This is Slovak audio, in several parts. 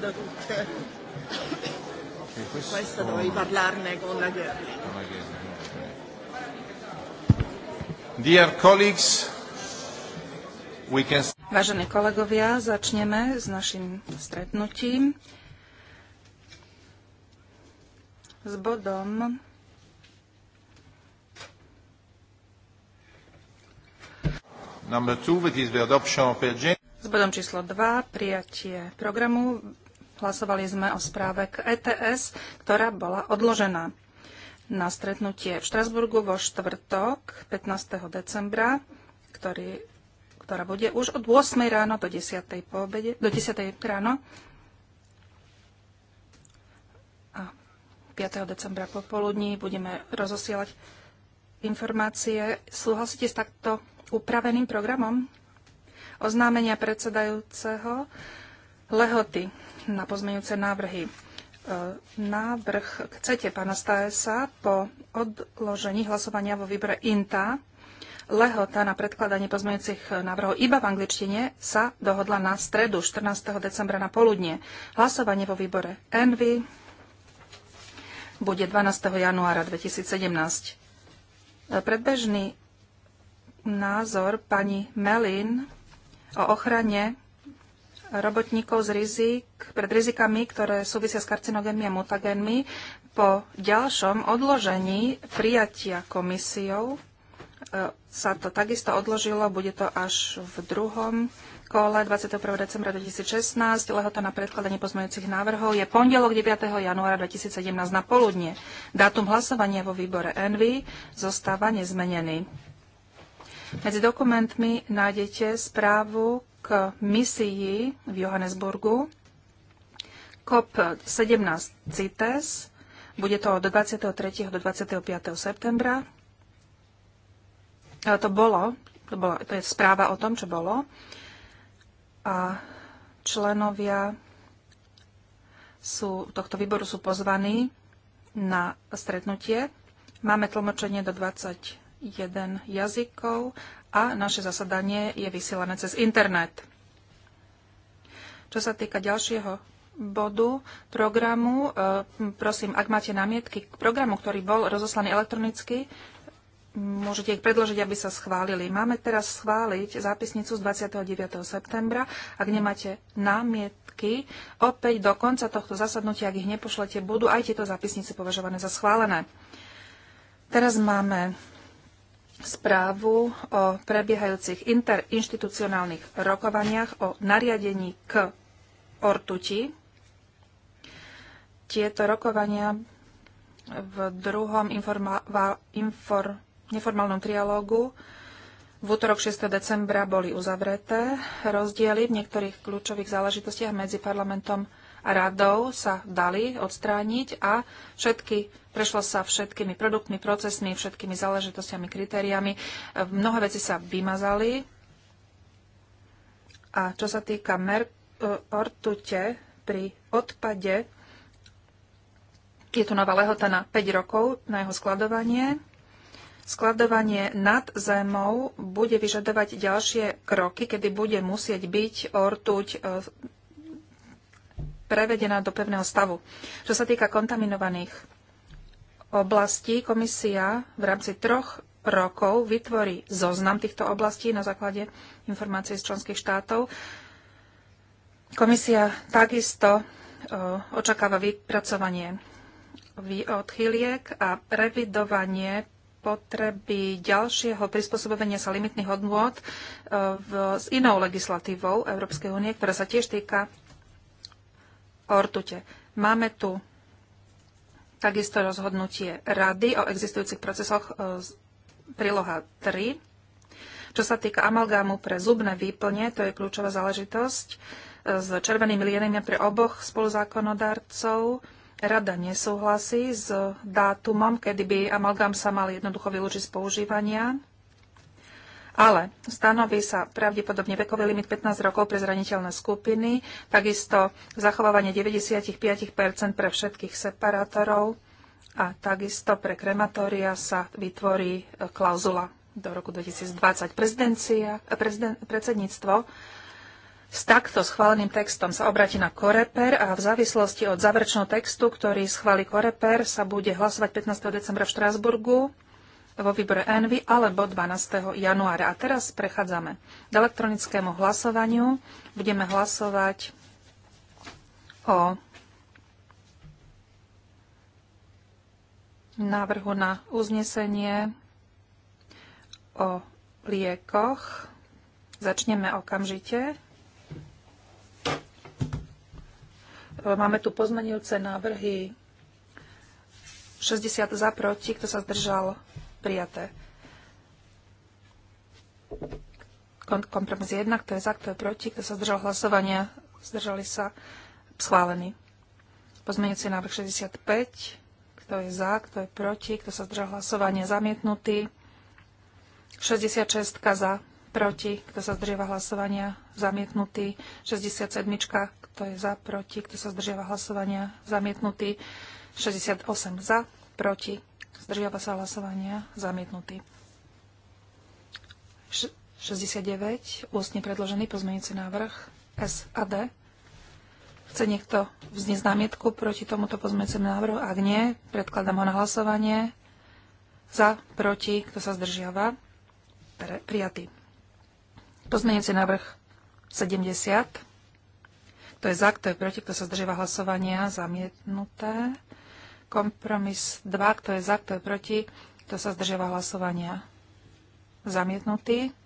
da tutte. E questo... questo dovevi parlarne con la guerra. No, Dear colleagues, we can... Vážení kolegovia, začneme s našim stretnutím s bodom Number two, which is the adoption of agenda. S bodom číslo 2, prijatie programu. Hlasovali sme o správe k ETS, ktorá bola odložená na stretnutie v Štrasburgu vo štvrtok 15. decembra, ktorý, ktorá bude už od 8. ráno do 10. Po obede, do 10. ráno a 5. decembra popoludní budeme rozosielať informácie. Súhlasíte s takto upraveným programom? Oznámenia predsedajúceho lehoty na pozmeňujúce návrhy. E, návrh chcete pána Stajesa po odložení hlasovania vo výbore INTA lehota na predkladanie pozmeňujúcich návrhov iba v angličtine sa dohodla na stredu 14. decembra na poludne. Hlasovanie vo výbore ENVY bude 12. januára 2017. E, predbežný názor pani Melin o ochrane robotníkov z rizik, pred rizikami, ktoré súvisia s karcinogénmi a mutagénmi po ďalšom odložení prijatia komisiou e, sa to takisto odložilo, bude to až v druhom kole 21. decembra 2016. Lehota na predkladanie pozmeňujúcich návrhov je pondelok 9. januára 2017 na poludne. Dátum hlasovania vo výbore ENVY zostáva nezmenený. Medzi dokumentmi nájdete správu misií misii v Johannesburgu COP17 CITES. Bude to od 23. do 25. septembra. Ale to bolo, to, bolo, to je správa o tom, čo bolo. A členovia sú, tohto výboru sú pozvaní na stretnutie. Máme tlmočenie do 21 jazykov a naše zasadanie je vysielané cez internet. Čo sa týka ďalšieho bodu programu, e, prosím, ak máte námietky k programu, ktorý bol rozoslaný elektronicky, môžete ich predložiť, aby sa schválili. Máme teraz schváliť zápisnicu z 29. septembra. Ak nemáte námietky, opäť do konca tohto zasadnutia, ak ich nepošlete, budú aj tieto zápisnice považované za schválené. Teraz máme správu o prebiehajúcich interinstitucionálnych rokovaniach o nariadení k ortuti. Tieto rokovania v druhom infor- neformálnom trialógu v útorok 6. decembra boli uzavreté. Rozdiely v niektorých kľúčových záležitostiach medzi parlamentom a radou sa dali odstrániť a všetky, prešlo sa všetkými produktmi, procesmi, všetkými záležitostiami, kritériami. Mnohé veci sa vymazali. A čo sa týka e, ortute pri odpade, je tu nová lehota na 5 rokov na jeho skladovanie. Skladovanie nad zemou bude vyžadovať ďalšie kroky, kedy bude musieť byť ortuť e, prevedená do pevného stavu. Čo sa týka kontaminovaných oblastí, komisia v rámci troch rokov vytvorí zoznam týchto oblastí na základe informácií z členských štátov. Komisia takisto e, očakáva vypracovanie odchýliek a revidovanie potreby ďalšieho prispôsobovania sa limitných odmôd e, s inou legislatívou Európskej únie, ktorá sa tiež týka o rtute. Máme tu takisto rozhodnutie rady o existujúcich procesoch e, príloha 3. Čo sa týka amalgámu pre zubné výplne, to je kľúčová záležitosť e, s červenými lienami pre oboch spoluzákonodarcov. Rada nesúhlasí s dátumom, kedy by amalgám sa mal jednoducho vylúčiť z používania. Ale stanoví sa pravdepodobne vekový limit 15 rokov pre zraniteľné skupiny, takisto zachovávanie 95 pre všetkých separátorov a takisto pre krematória sa vytvorí e, klauzula do roku 2020. Prezidencia, preziden, predsedníctvo s takto schváleným textom sa obratí na Koreper a v závislosti od záverečného textu, ktorý schváli Koreper, sa bude hlasovať 15. decembra v Štrásburgu vo výbore ENVY alebo 12. januára. A teraz prechádzame k elektronickému hlasovaniu. Budeme hlasovať o návrhu na uznesenie o liekoch. Začneme okamžite. Máme tu pozmenujúce návrhy 60 za proti, kto sa zdržal Prijaté. Kompromis 1, kto je za, kto je proti, kto sa zdržal hlasovania, zdržali sa, schválení. Pozmeňujúci návrh 65, kto je za, kto je proti, kto sa zdržal hlasovania, zamietnutý. 66 za, proti, kto sa zdržiava hlasovania, zamietnutý. 67 kto je za, proti, kto sa zdržiava hlasovania, zamietnutý. 68 za, proti, Zdržiava sa hlasovania. Zamietnutý. 69. Ústne predložený pozmeňujúci návrh S a D. Chce niekto vzniesť námietku proti tomuto pozmeňujúcemu návrhu? Ak nie, predkladám ho na hlasovanie. Za, proti, kto sa zdržiava? Prijatý. Pozmeňujúci návrh 70. Kto je za, kto je proti, kto sa zdržiava hlasovania? Zamietnuté. Kompromis 2, kto je za, kto je proti, kto sa zdržiava hlasovania. Zamietnutý.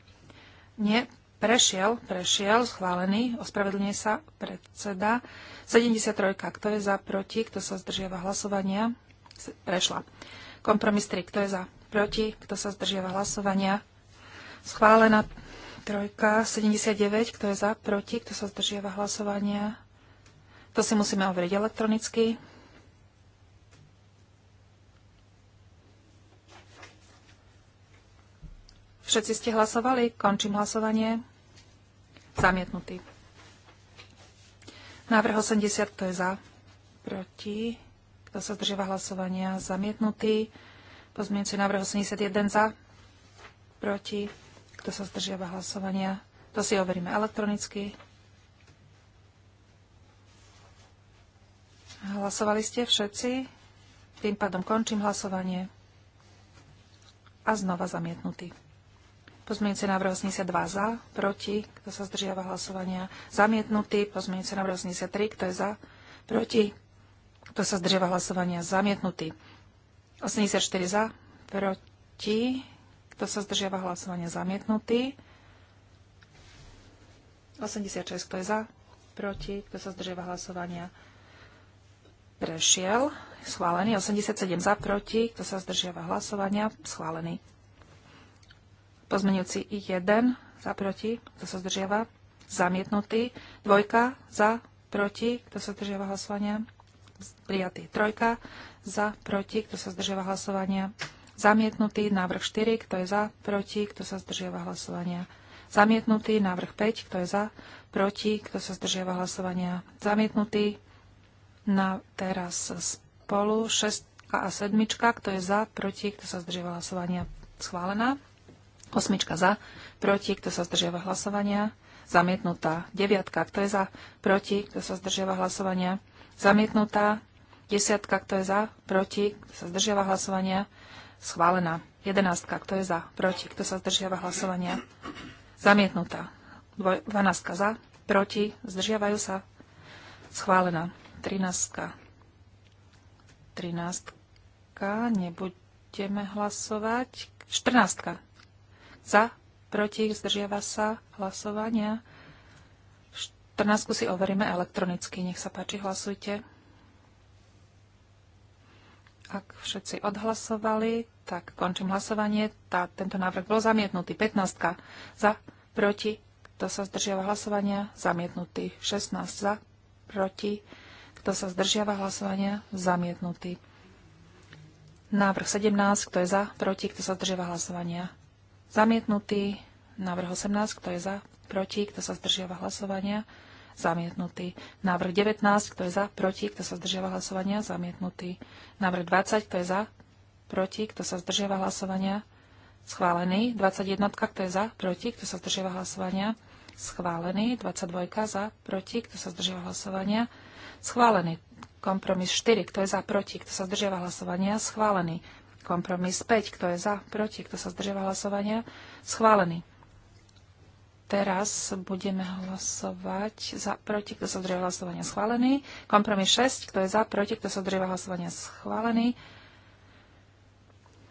Nie, prešiel, prešiel, schválený, ospravedlňuje sa predseda. 73, kto je za, proti, kto sa zdržiava hlasovania. Prešla. Kompromis 3, kto je za, proti, kto sa zdržiava hlasovania. Schválená trojka, 79, kto je za, proti, kto sa zdržiava hlasovania. To si musíme overiť elektronicky. Všetci ste hlasovali? Končím hlasovanie. Zamietnutý. Návrh 80, kto je za? Proti. Kto sa zdržiava hlasovania? Zamietnutý. Pozmienci návrh 81 za? Proti. Kto sa zdržiava hlasovania? To si overíme elektronicky. Hlasovali ste všetci? Tým pádom končím hlasovanie. A znova zamietnutý. Pozmienujúce návrh 82 za, proti, kto sa zdržiava hlasovania. Zamietnutý. Pozmienujúce návrh 83, kto je za, proti, kto sa zdržiava hlasovania. Zamietnutý. 84 za, proti, kto sa zdržiava hlasovania. Zamietnutý. 86, kto je za, proti, kto sa zdržiava hlasovania. Prešiel. Schválený. 87 za, proti, kto sa zdržiava hlasovania. Schválený. Pozmenujúci 1 za proti, kto sa zdržiava, zamietnutý. Dvojka za proti, kto sa zdržiava hlasovania, prijatý. Trojka za proti, kto sa zdržiava hlasovania, zamietnutý. Návrh 4, kto je za proti, kto sa zdržiava hlasovania, zamietnutý. Návrh 5, kto je za proti, kto sa zdržiava hlasovania, zamietnutý. Na teraz spolu 6 a 7, kto je za, proti, kto sa zdržiava hlasovania, schválená. Osmička za, proti, kto sa zdržiava hlasovania. Zamietnutá. Deviatka, kto je za, proti, kto sa zdržiava hlasovania. Zamietnutá. Desiatka, kto je za, proti, kto sa zdržiava hlasovania. Schválená. Jedenáctka, kto je za, proti, kto sa zdržiava hlasovania. Zamietnutá. Dvanáctka za, proti, zdržiavajú sa. Schválená. Trináctka. Trináctka. Nebudeme hlasovať. Štrnáctka. Za, proti, zdržiava sa hlasovania. 14 si overíme elektronicky. Nech sa páči, hlasujte. Ak všetci odhlasovali, tak končím hlasovanie. Tá, tento návrh bol zamietnutý. 15 za, proti, kto sa zdržiava hlasovania, zamietnutý. 16 za, proti, kto sa zdržiava hlasovania, zamietnutý. Návrh 17, kto je za, proti, kto sa zdržiava hlasovania, Zamietnutý návrh 18, kto je za, proti, kto sa zdržiava hlasovania. Zamietnutý. Návrh 19, kto je za, proti, kto sa zdržiava hlasovania. Zamietnutý. Návrh 20, kto je za, proti, kto sa zdržiava hlasovania. Schválený. 21, kto je za, proti, kto sa zdržiava hlasovania. Schválený. 22, za, proti, kto sa zdržiava hlasovania. Schválený. Kompromis 4, kto je za, proti, kto sa zdržiava hlasovania. Schválený. Kompromis 5. Kto je za? Proti? Kto sa zdržia hlasovania? Schválený. Teraz budeme hlasovať za, proti, kto sa zdržia hlasovania schválený. Kompromis 6, kto je za, proti, kto sa zdržia hlasovania schválený.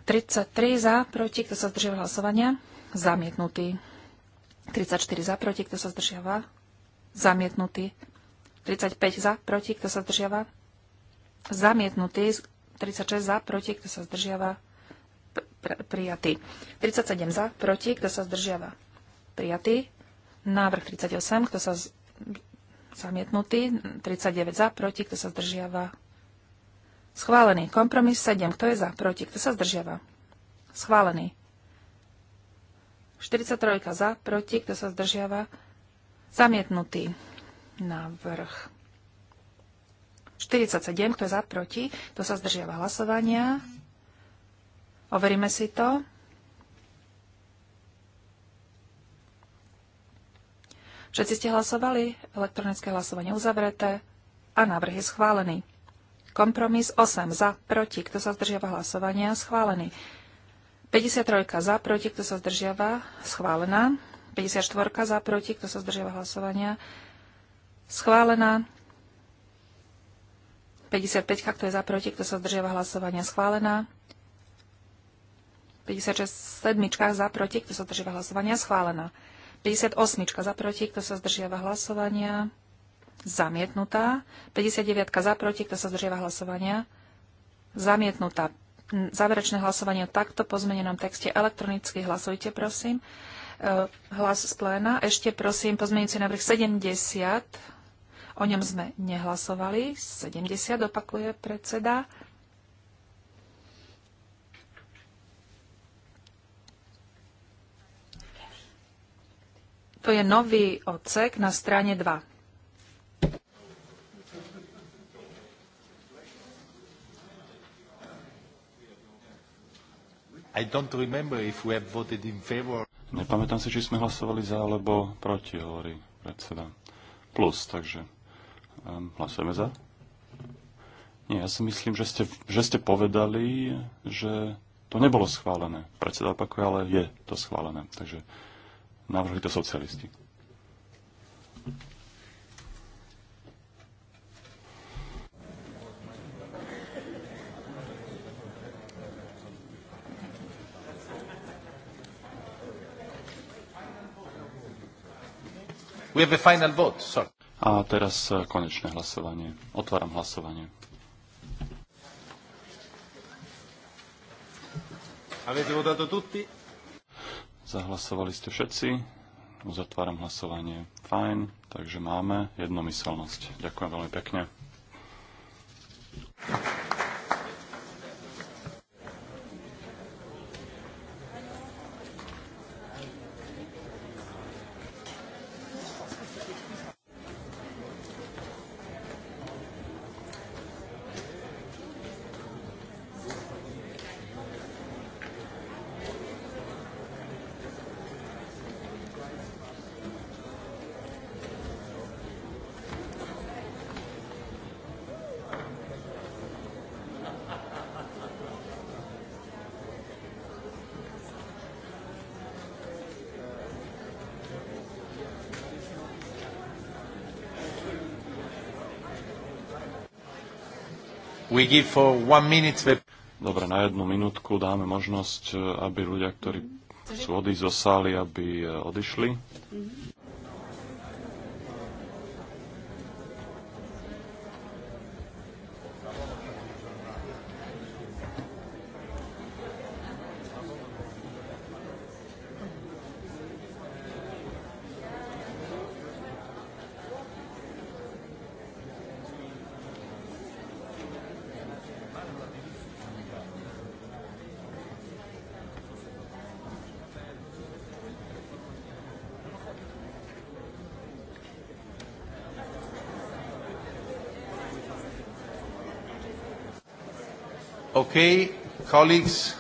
33 za, proti, kto sa zdržia hlasovania zamietnutý. 34 za, proti, kto sa zdržiava zamietnutý. 35 za, proti, kto sa zdržiava zamietnutý. 36 za, proti, kto sa zdržiava, prijatý. 37 za, proti, kto sa zdržiava, prijatý. Návrh 38, kto sa z... zamietnutý. 39 za, proti, kto sa zdržiava, schválený. Kompromis 7, kto je za, proti, kto sa zdržiava, schválený. 43 za, proti, kto sa zdržiava, zamietnutý návrh. 47, kto je za, proti, kto sa zdržiava hlasovania. Overíme si to. Všetci ste hlasovali, elektronické hlasovanie uzavreté a návrh je schválený. Kompromis 8 za, proti, kto sa zdržiava hlasovania, schválený. 53 za, proti, kto sa zdržiava, schválená. 54 za, proti, kto sa zdržiava hlasovania, schválená. 55, kto je za, proti, kto sa zdržiava hlasovania, schválená. 56, sedmička za, proti, kto sa zdržiava hlasovania, schválená. 58 za, proti, kto sa zdržiava hlasovania, zamietnutá. 59 za, proti, kto sa zdržiava hlasovania, zamietnutá. Záverečné hlasovanie o takto pozmenenom texte elektronicky hlasujte, prosím. E, hlas z pléna. Ešte prosím pozmenujúci návrh 70 O ňom sme nehlasovali. 70 opakuje predseda. To je nový odsek na strane 2. I don't remember if we have voted in favor. Nepamätám si, či sme hlasovali za alebo proti, hovorí predseda. Plus, takže Ehm, hlasujeme za? Nie, ja si myslím, že ste, že ste povedali, že to nebolo schválené. Predseda opakuje, ale je to schválené. Takže navrhli to socialisti. We have a final vote, sorry. A teraz e, konečné hlasovanie. Otváram hlasovanie. Avete votato tutti? Zahlasovali ste všetci. Uzatváram hlasovanie. Fajn, takže máme jednomyselnosť. Ďakujem veľmi pekne. we give for one minute... Dobre, na jednu minútku dáme možnosť, eh, aby ľudia, ktorí chcú mhm. odísť zo sály, aby eh, odišli. Mm -hmm. colleagues.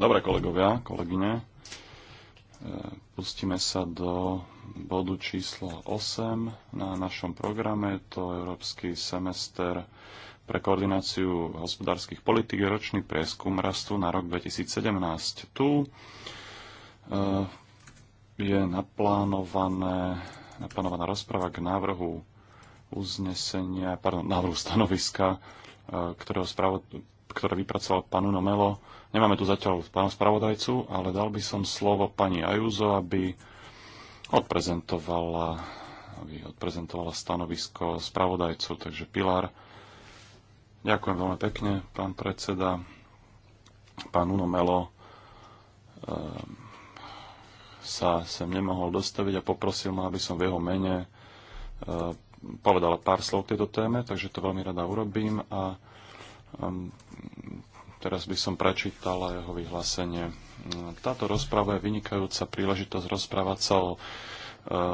Dobre, kolegovia, kolegyne. E, pustíme sa do bodu číslo 8 na našom programe. To je Európsky semester pre koordináciu hospodárskych politik ročný prieskum rastu na rok 2017. Tu e, je naplánované, naplánovaná rozprava k návrhu uznesenia, pardon, návrhu stanoviska, e, ktorého spravo, ktoré vypracoval pán Uno Melo. Nemáme tu zatiaľ pána spravodajcu, ale dal by som slovo pani Ajuzo, aby odprezentovala, aby odprezentovala stanovisko spravodajcu. Takže Pilar, ďakujem veľmi pekne, pán predseda, pán Uno Melo. Ehm, sa sem nemohol dostaviť a poprosil ma, aby som v jeho mene e, povedala pár slov k tejto téme, takže to veľmi rada urobím a Teraz by som prečítala jeho vyhlásenie. Táto rozprava je vynikajúca príležitosť rozprávať sa o e,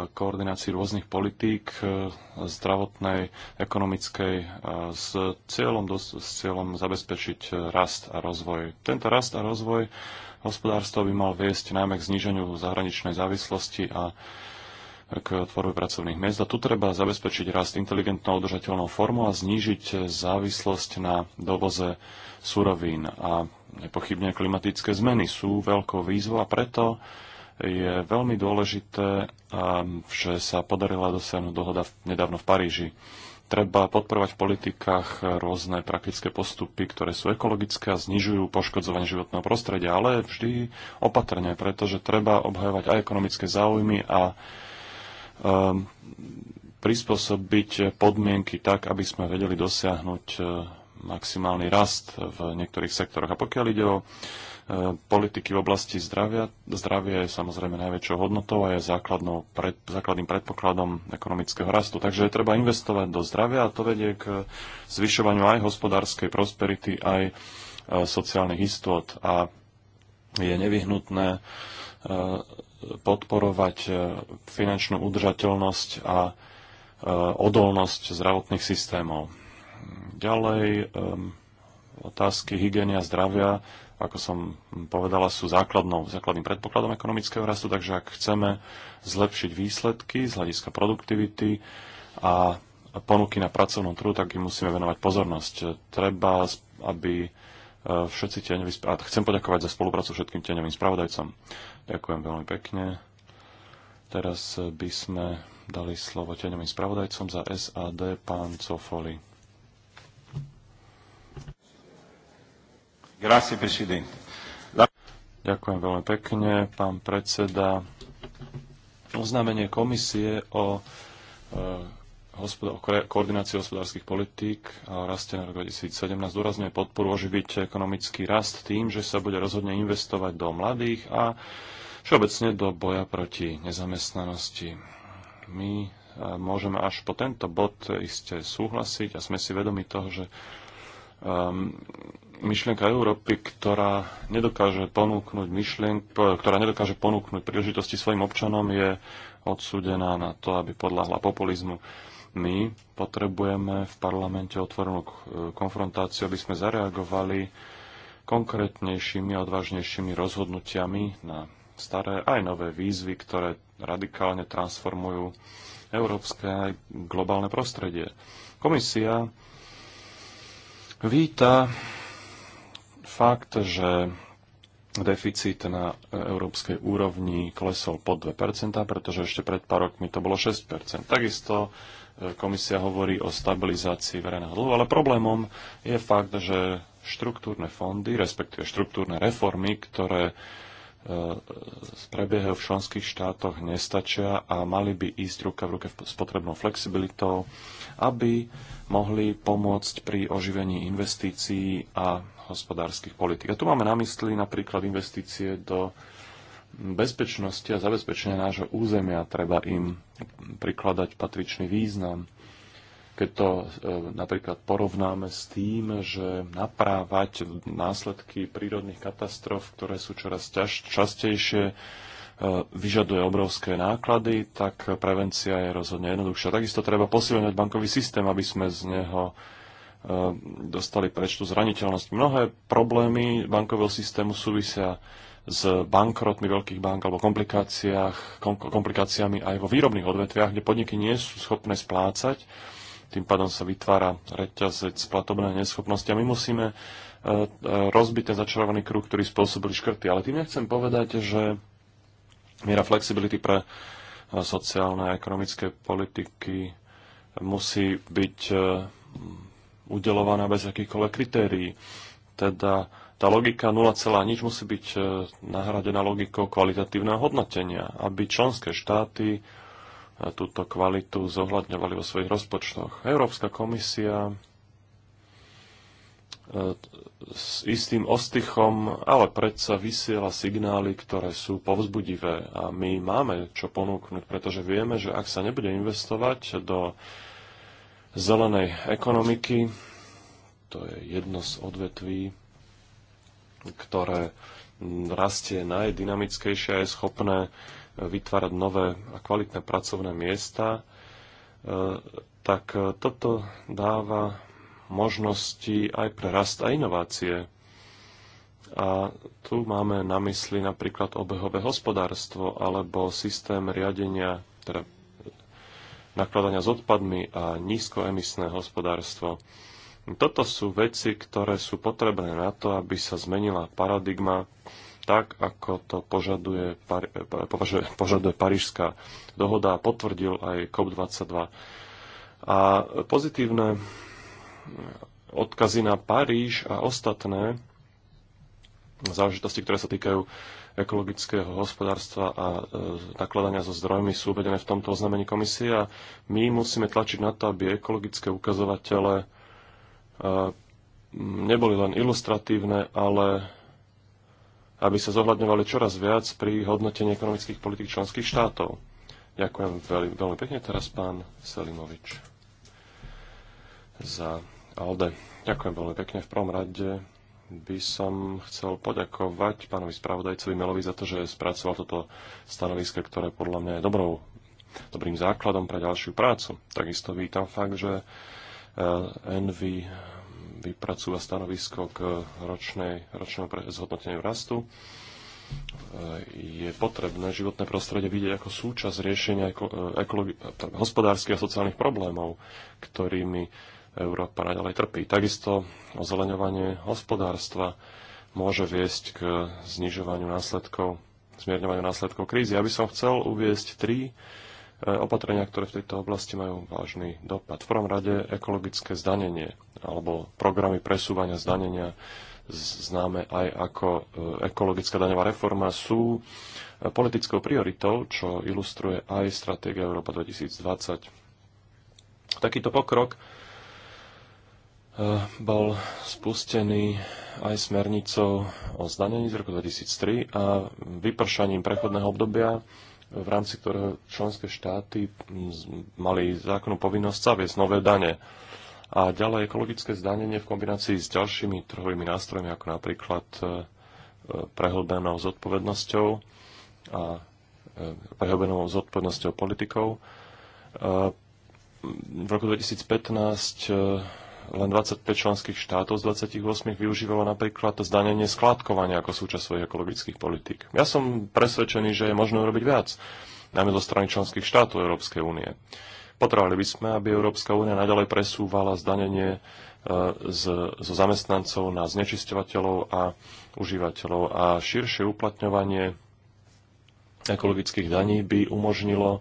koordinácii rôznych politík e, zdravotnej, ekonomickej e, s cieľom, s cieľom zabezpečiť rast a rozvoj. Tento rast a rozvoj hospodárstva by mal viesť najmä k zniženiu zahraničnej závislosti a k tvorbe pracovných miest. A tu treba zabezpečiť rast inteligentnou udržateľnou formou a znížiť závislosť na dovoze surovín. A nepochybne klimatické zmeny sú veľkou výzvou a preto je veľmi dôležité, ehm, že sa podarila dosiahnuť dohoda nedávno v Paríži. Treba podporovať v politikách rôzne praktické postupy, ktoré sú ekologické a znižujú poškodzovanie životného prostredia, ale vždy opatrne, pretože treba obhajovať aj ekonomické záujmy a Um, prispôsobiť podmienky tak, aby sme vedeli dosiahnuť uh, maximálny rast v niektorých sektoroch. A pokiaľ ide o uh, politiky v oblasti zdravia, zdravie je samozrejme najväčšou hodnotou a je pred, základným predpokladom ekonomického rastu. Takže treba investovať do zdravia a to vedie k zvyšovaniu aj hospodárskej prosperity, aj uh, sociálnych istot a je nevyhnutné podporovať e, finančnú udržateľnosť a e, odolnosť zdravotných systémov. Ďalej e, otázky hygienia zdravia, ako som povedala, sú základnou, základným predpokladom ekonomického rastu, takže ak chceme zlepšiť výsledky z hľadiska produktivity a ponuky na pracovnom trhu, tak im musíme venovať pozornosť. Treba, aby všetci tieňoví... A chcem poďakovať za spoluprácu všetkým tieňovým spravodajcom. Ďakujem veľmi pekne. Teraz by sme dali slovo teňovým spravodajcom za SAD, pán Cofoli. Grazie, presidente. Ďakujem veľmi pekne, pán predseda. Oznámenie komisie o, e, o koordinácii hospodárskych politík a raste na rok 2017 zdôrazňuje podporu oživiť ekonomický rast tým, že sa bude rozhodne investovať do mladých a všeobecne do boja proti nezamestnanosti. My e, môžeme až po tento bod iste súhlasiť a sme si vedomi toho, že um, myšlienka Európy, ktorá nedokáže ponúknuť myšlienk, ktorá nedokáže ponúknuť príležitosti svojim občanom, je odsúdená na to, aby podľahla populizmu. My potrebujeme v parlamente otvorenú e, konfrontáciu, aby sme zareagovali konkrétnejšími a odvážnejšími rozhodnutiami na staré aj nové výzvy, ktoré radikálne transformujú európske aj globálne prostredie. Komisia víta fakt, že deficit na európskej úrovni klesol pod 2%, pretože ešte pred pár rokmi to bolo 6%. Takisto e, komisia hovorí o stabilizácii verejného dlhu, ale problémom je fakt, že štruktúrne fondy, respektíve štruktúrne reformy, ktoré prebiehajú v členských štátoch, nestačia a mali by ísť ruka v ruke s potrebnou flexibilitou, aby mohli pomôcť pri oživení investícií a hospodárskych politik. A tu máme na mysli napríklad investície do bezpečnosti a zabezpečenia nášho územia. Treba im prikladať patričný význam. Keď to e, napríklad porovnáme s tým, že naprávať následky prírodných katastrof, ktoré sú čoraz častejšie, e, vyžaduje obrovské náklady, tak prevencia je rozhodne jednoduchšia. Takisto treba posilňovať bankový systém, aby sme z neho e, dostali preč tú zraniteľnosť. Mnohé problémy bankového systému súvisia s bankrotmi veľkých bank alebo komplikáciách, komplikáciami aj vo výrobných odvetviach, kde podniky nie sú schopné splácať tým pádom sa vytvára reťazec platobnej neschopnosti a my musíme e, e, rozbiť ten začarovaný kruh, ktorý spôsobili škrty. Ale tým nechcem povedať, že miera flexibility pre e, sociálne a ekonomické politiky musí byť udelovaná bez akýchkoľvek kritérií. Teda tá logika 0, nič musí byť nahradená logikou kvalitatívneho hodnotenia, aby členské štáty túto kvalitu zohľadňovali vo svojich rozpočtoch. Európska komisia e, s istým ostychom, ale predsa vysiela signály, ktoré sú povzbudivé. A my máme čo ponúknuť, pretože vieme, že ak sa nebude investovať do zelenej ekonomiky, to je jedno z odvetví, ktoré rastie najdynamickejšie a je schopné vytvárať nové a kvalitné pracovné miesta, e, tak toto dáva možnosti aj pre rast a inovácie. A tu máme na mysli napríklad obehové hospodárstvo alebo systém riadenia, teda nakladania s odpadmi a nízkoemisné hospodárstvo. Toto sú veci, ktoré sú potrebné na to, aby sa zmenila paradigma tak ako to požaduje, eh, považuje, požaduje Parížská dohoda a potvrdil aj COP22. A pozitívne odkazy na Paríž a ostatné záležitosti, ktoré sa týkajú ekologického hospodárstva a e, nakladania so zdrojmi sú uvedené v tomto oznámení komisie a my musíme tlačiť na to, aby ekologické ukazovatele e, neboli len ilustratívne, ale aby sa zohľadňovali čoraz viac pri hodnotení ekonomických politik členských štátov. Ďakujem veľmi, veľmi pekne teraz pán Selimovič za Alde. Ďakujem veľmi pekne. V prvom rade by som chcel poďakovať pánovi spravodajcovi Melovi za to, že spracoval toto stanovisko, ktoré podľa mňa je dobrou, dobrým základom pre ďalšiu prácu. Takisto vítam fakt, že eh, Envy vypracúva stanovisko k ročnej, ročnému zhodnoteniu rastu. Je potrebné životné prostredie vidieť ako súčasť riešenia ekologi- hospodárskych a sociálnych problémov, ktorými Európa naďalej trpí. Takisto ozeleňovanie hospodárstva môže viesť k znižovaniu následkov, zmierňovaniu následkov krízy. Ja by som chcel uviesť tri E, opatrenia, ktoré v tejto oblasti majú vážny dopad. V prvom rade ekologické zdanenie alebo programy presúvania zdanenia známe aj ako e, ekologická daňová reforma, sú e, politickou prioritou, čo ilustruje aj stratégia Európa 2020. Takýto pokrok bol spustený aj smernicou o zdanení z roku 2003 a vypršaním prechodného obdobia v rámci ktorého členské štáty mali zákonnú povinnosť zaviesť nové dane. A ďalej ekologické zdanenie v kombinácii s ďalšími trhovými nástrojmi, ako napríklad e, prehlbenou zodpovednosťou a e, prehlbenou zodpovednosťou politikov. E, v roku 2015 len 25 členských štátov z 28 využívalo napríklad zdanenie skládkovania ako súčasť svojich ekologických politík. Ja som presvedčený, že je možné robiť viac, najmä zo strany členských štátov Európskej únie. Potrebovali by sme, aby Európska únia nadalej presúvala zdanenie e, z, zo zamestnancov na znečisťovateľov a užívateľov a širšie uplatňovanie ekologických daní by umožnilo e,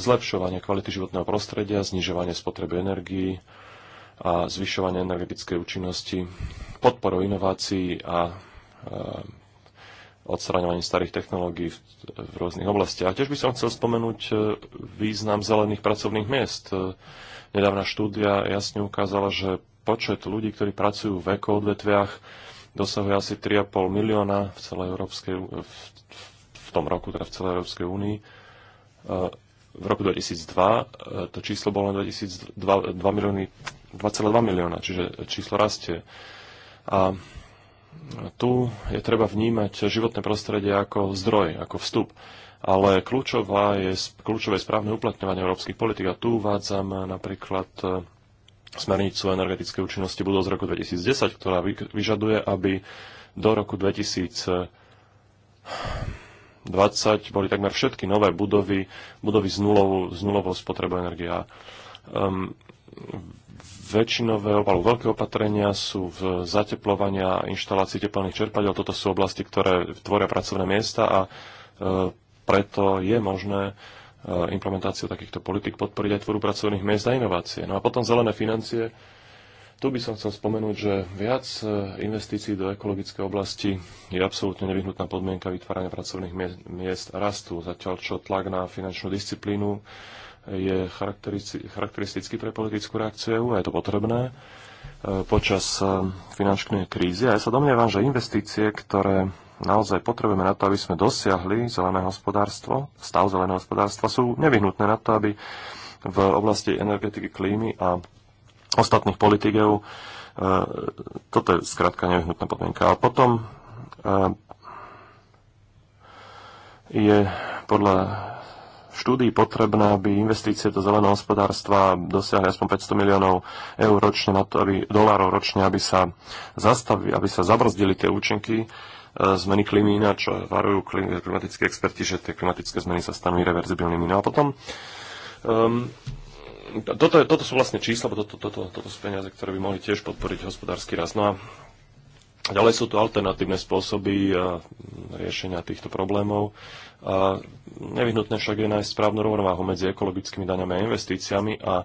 zlepšovanie kvality životného prostredia, znižovanie spotreby energií a zvyšovania energetickej účinnosti, podporu inovácií a e, odstraňovanie starých technológií v, rôznych oblastiach. A tiež by som chcel spomenúť e, význam zelených pracovných miest. E, nedávna štúdia jasne ukázala, že počet ľudí, ktorí pracujú v ekoodvetviach, dosahuje asi 3,5 milióna v celej Európskej, v, v tom roku, teda v celej Európskej únii. V roku 2002 to číslo bolo na 2002, 2 milióny 2,2 milióna, čiže číslo rastie. A tu je treba vnímať životné prostredie ako zdroj, ako vstup. Ale kľúčová je, kľúčové je správne uplatňovanie európskych politik. A tu uvádzam napríklad e, smernicu energetickej účinnosti budov z roku 2010, ktorá vyžaduje, aby do roku 2020 boli takmer všetky nové budovy, budovy s nulovou, s nulovou spotrebou energie. Um, väčšinové obalu veľké opatrenia sú v zateplovania inštalácií teplných čerpadiel. Toto sú oblasti, ktoré tvoria pracovné miesta a e, preto je možné e, implementáciu takýchto politik podporiť aj tvoru pracovných miest a inovácie. No a potom zelené financie. Tu by som chcel spomenúť, že viac e, investícií do ekologickej oblasti je absolútne nevyhnutná podmienka vytvárania pracovných miest rastu, zatiaľ čo tlak na finančnú disciplínu je charakteristický pre politickú reakciu EÚ a je to potrebné e, počas e, finančnej krízy. A ja sa domnievam, že investície, ktoré naozaj potrebujeme na to, aby sme dosiahli zelené hospodárstvo, stav zeleného hospodárstva, sú nevyhnutné na to, aby v oblasti energetiky, klímy a ostatných politik EU. E, toto je zkrátka nevyhnutná podmienka. A potom je podľa štúdii potrebné, aby investície do zeleného hospodárstva dosiahli aspoň 500 miliónov eur ročne, na to, aby, dolárov ročne, aby sa, zastavili, aby sa zabrzdili tie účinky e, zmeny klímy, čo varujú klimatickí experti, že tie klimatické zmeny sa stanú irreverzibilnými. No a potom um, toto, je, toto sú vlastne čísla, bo toto, toto, toto sú peniaze, ktoré by mohli tiež podporiť hospodársky rast. No a Ďalej sú tu alternatívne spôsoby e, riešenia týchto problémov. E, nevyhnutné však je nájsť správnu rovnováhu medzi ekologickými daňami a investíciami a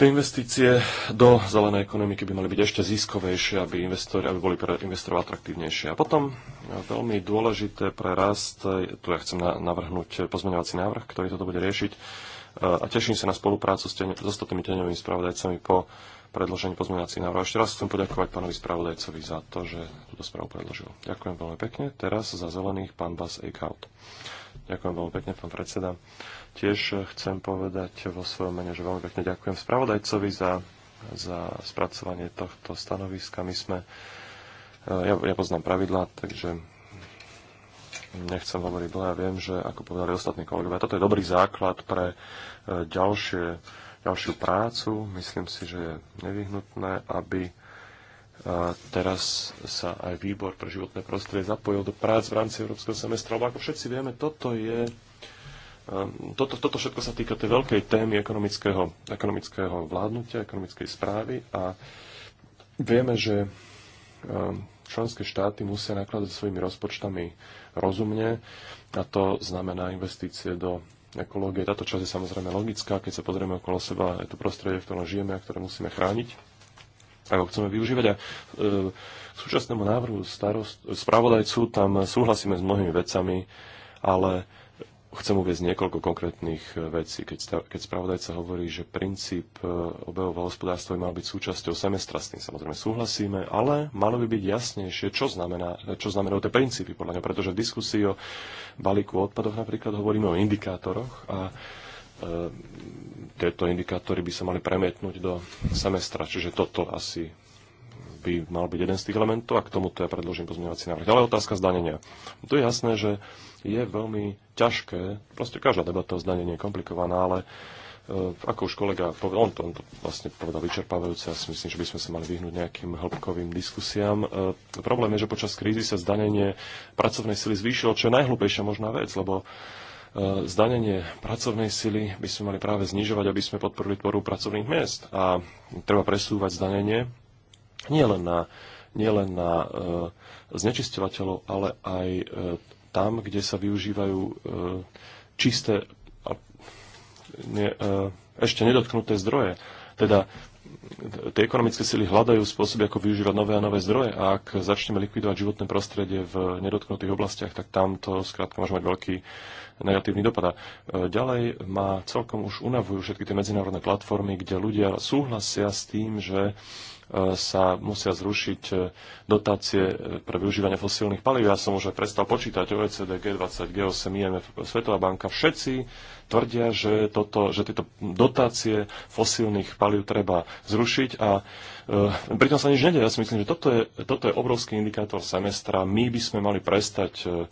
tie investície do zelenej ekonomiky by mali byť ešte ziskovejšie, aby, investori, aby boli pre investorov atraktívnejšie. A potom e, veľmi dôležité pre rast, tu ja chcem navrhnúť pozmeňovací návrh, ktorý toto bude riešiť, a teším sa na spoluprácu s, teň, s ostatnými teňovými spravodajcami po predložení pozmeňovacích návrhov. Ešte raz chcem poďakovať pánovi spravodajcovi za to, že túto správu predložil. Ďakujem veľmi pekne. Teraz za zelených pán Bas Eichhout. Ďakujem veľmi pekne, pán predseda. Tiež chcem povedať vo svojom mene, že veľmi pekne ďakujem spravodajcovi za, za spracovanie tohto stanoviska. My sme, eh, ja, ja poznám pravidlá, takže nechcem hovoriť dlho, ja viem, že ako povedali ostatní kolegovia, toto je dobrý základ pre eh, ďalšie ďalšiu prácu. Myslím si, že je nevyhnutné, aby e, teraz sa aj výbor pre životné prostredie zapojil do prác v rámci Európskeho semestra, lebo ako všetci vieme, toto je e, toto, toto všetko sa týka tej veľkej témy ekonomického, ekonomického vládnutia, ekonomickej správy a vieme, že e, členské štáty musia nakladať svojimi rozpočtami rozumne a to znamená investície do ekológie. Táto časť je samozrejme logická, keď sa pozrieme okolo seba, je to prostredie, v ktorom žijeme a ktoré musíme chrániť, A ako chceme využívať. A e, k súčasnému návrhu starost, spravodajcu tam súhlasíme s mnohými vecami, ale Chcem uvieť niekoľko konkrétnych eh, vecí. Keď, keď spravodajca hovorí, že princíp eh, obehového hospodárstva mal byť súčasťou semestra, s tým samozrejme súhlasíme, ale malo by byť jasnejšie, čo, znamená, eh, čo znamenajú tie princípy podľa mňa, pretože v diskusii o balíku odpadov napríklad hovoríme o indikátoroch a tieto indikátory by sa mali premietnúť do semestra, čiže toto asi by mal byť jeden z tých elementov a k tomuto ja predložím pozmeňovací návrh. Ale otázka zdanenia. To je jasné, že je veľmi ťažké, proste každá debata o zdanení je komplikovaná, ale e, ako už kolega povedal, on to, on to vlastne povedal vyčerpávajúce, ja si myslím, že by sme sa mali vyhnúť nejakým hĺbkovým diskusiám. E, problém je, že počas krízy sa zdanenie pracovnej sily zvýšilo, čo je najhlúpejšia možná vec, lebo e, zdanenie pracovnej sily by sme mali práve znižovať, aby sme podporili tvorbu pracovných miest. A treba presúvať zdanenie len na, len na e, znečisťovateľov, ale aj e, tam, kde sa využívajú e, čisté a ne, e, ešte nedotknuté zdroje. Teda tie ekonomické sily hľadajú spôsoby, ako využívať nové a nové zdroje a ak začneme likvidovať životné prostredie v nedotknutých oblastiach, tak tamto skrátka môže mať veľký negatívny dopad. E, ďalej ma celkom už unavujú všetky tie medzinárodné platformy, kde ľudia súhlasia s tým, že sa musia zrušiť e, dotácie e, pre využívanie fosílnych palív. Ja som už aj prestal počítať OECD, G20, G8, IMF, Svetová banka. Všetci tvrdia, že, toto, že tieto dotácie fosílnych palív treba zrušiť a e, pritom sa nič nedie. Ja si myslím, že toto je, toto je obrovský indikátor semestra. My by sme mali prestať e,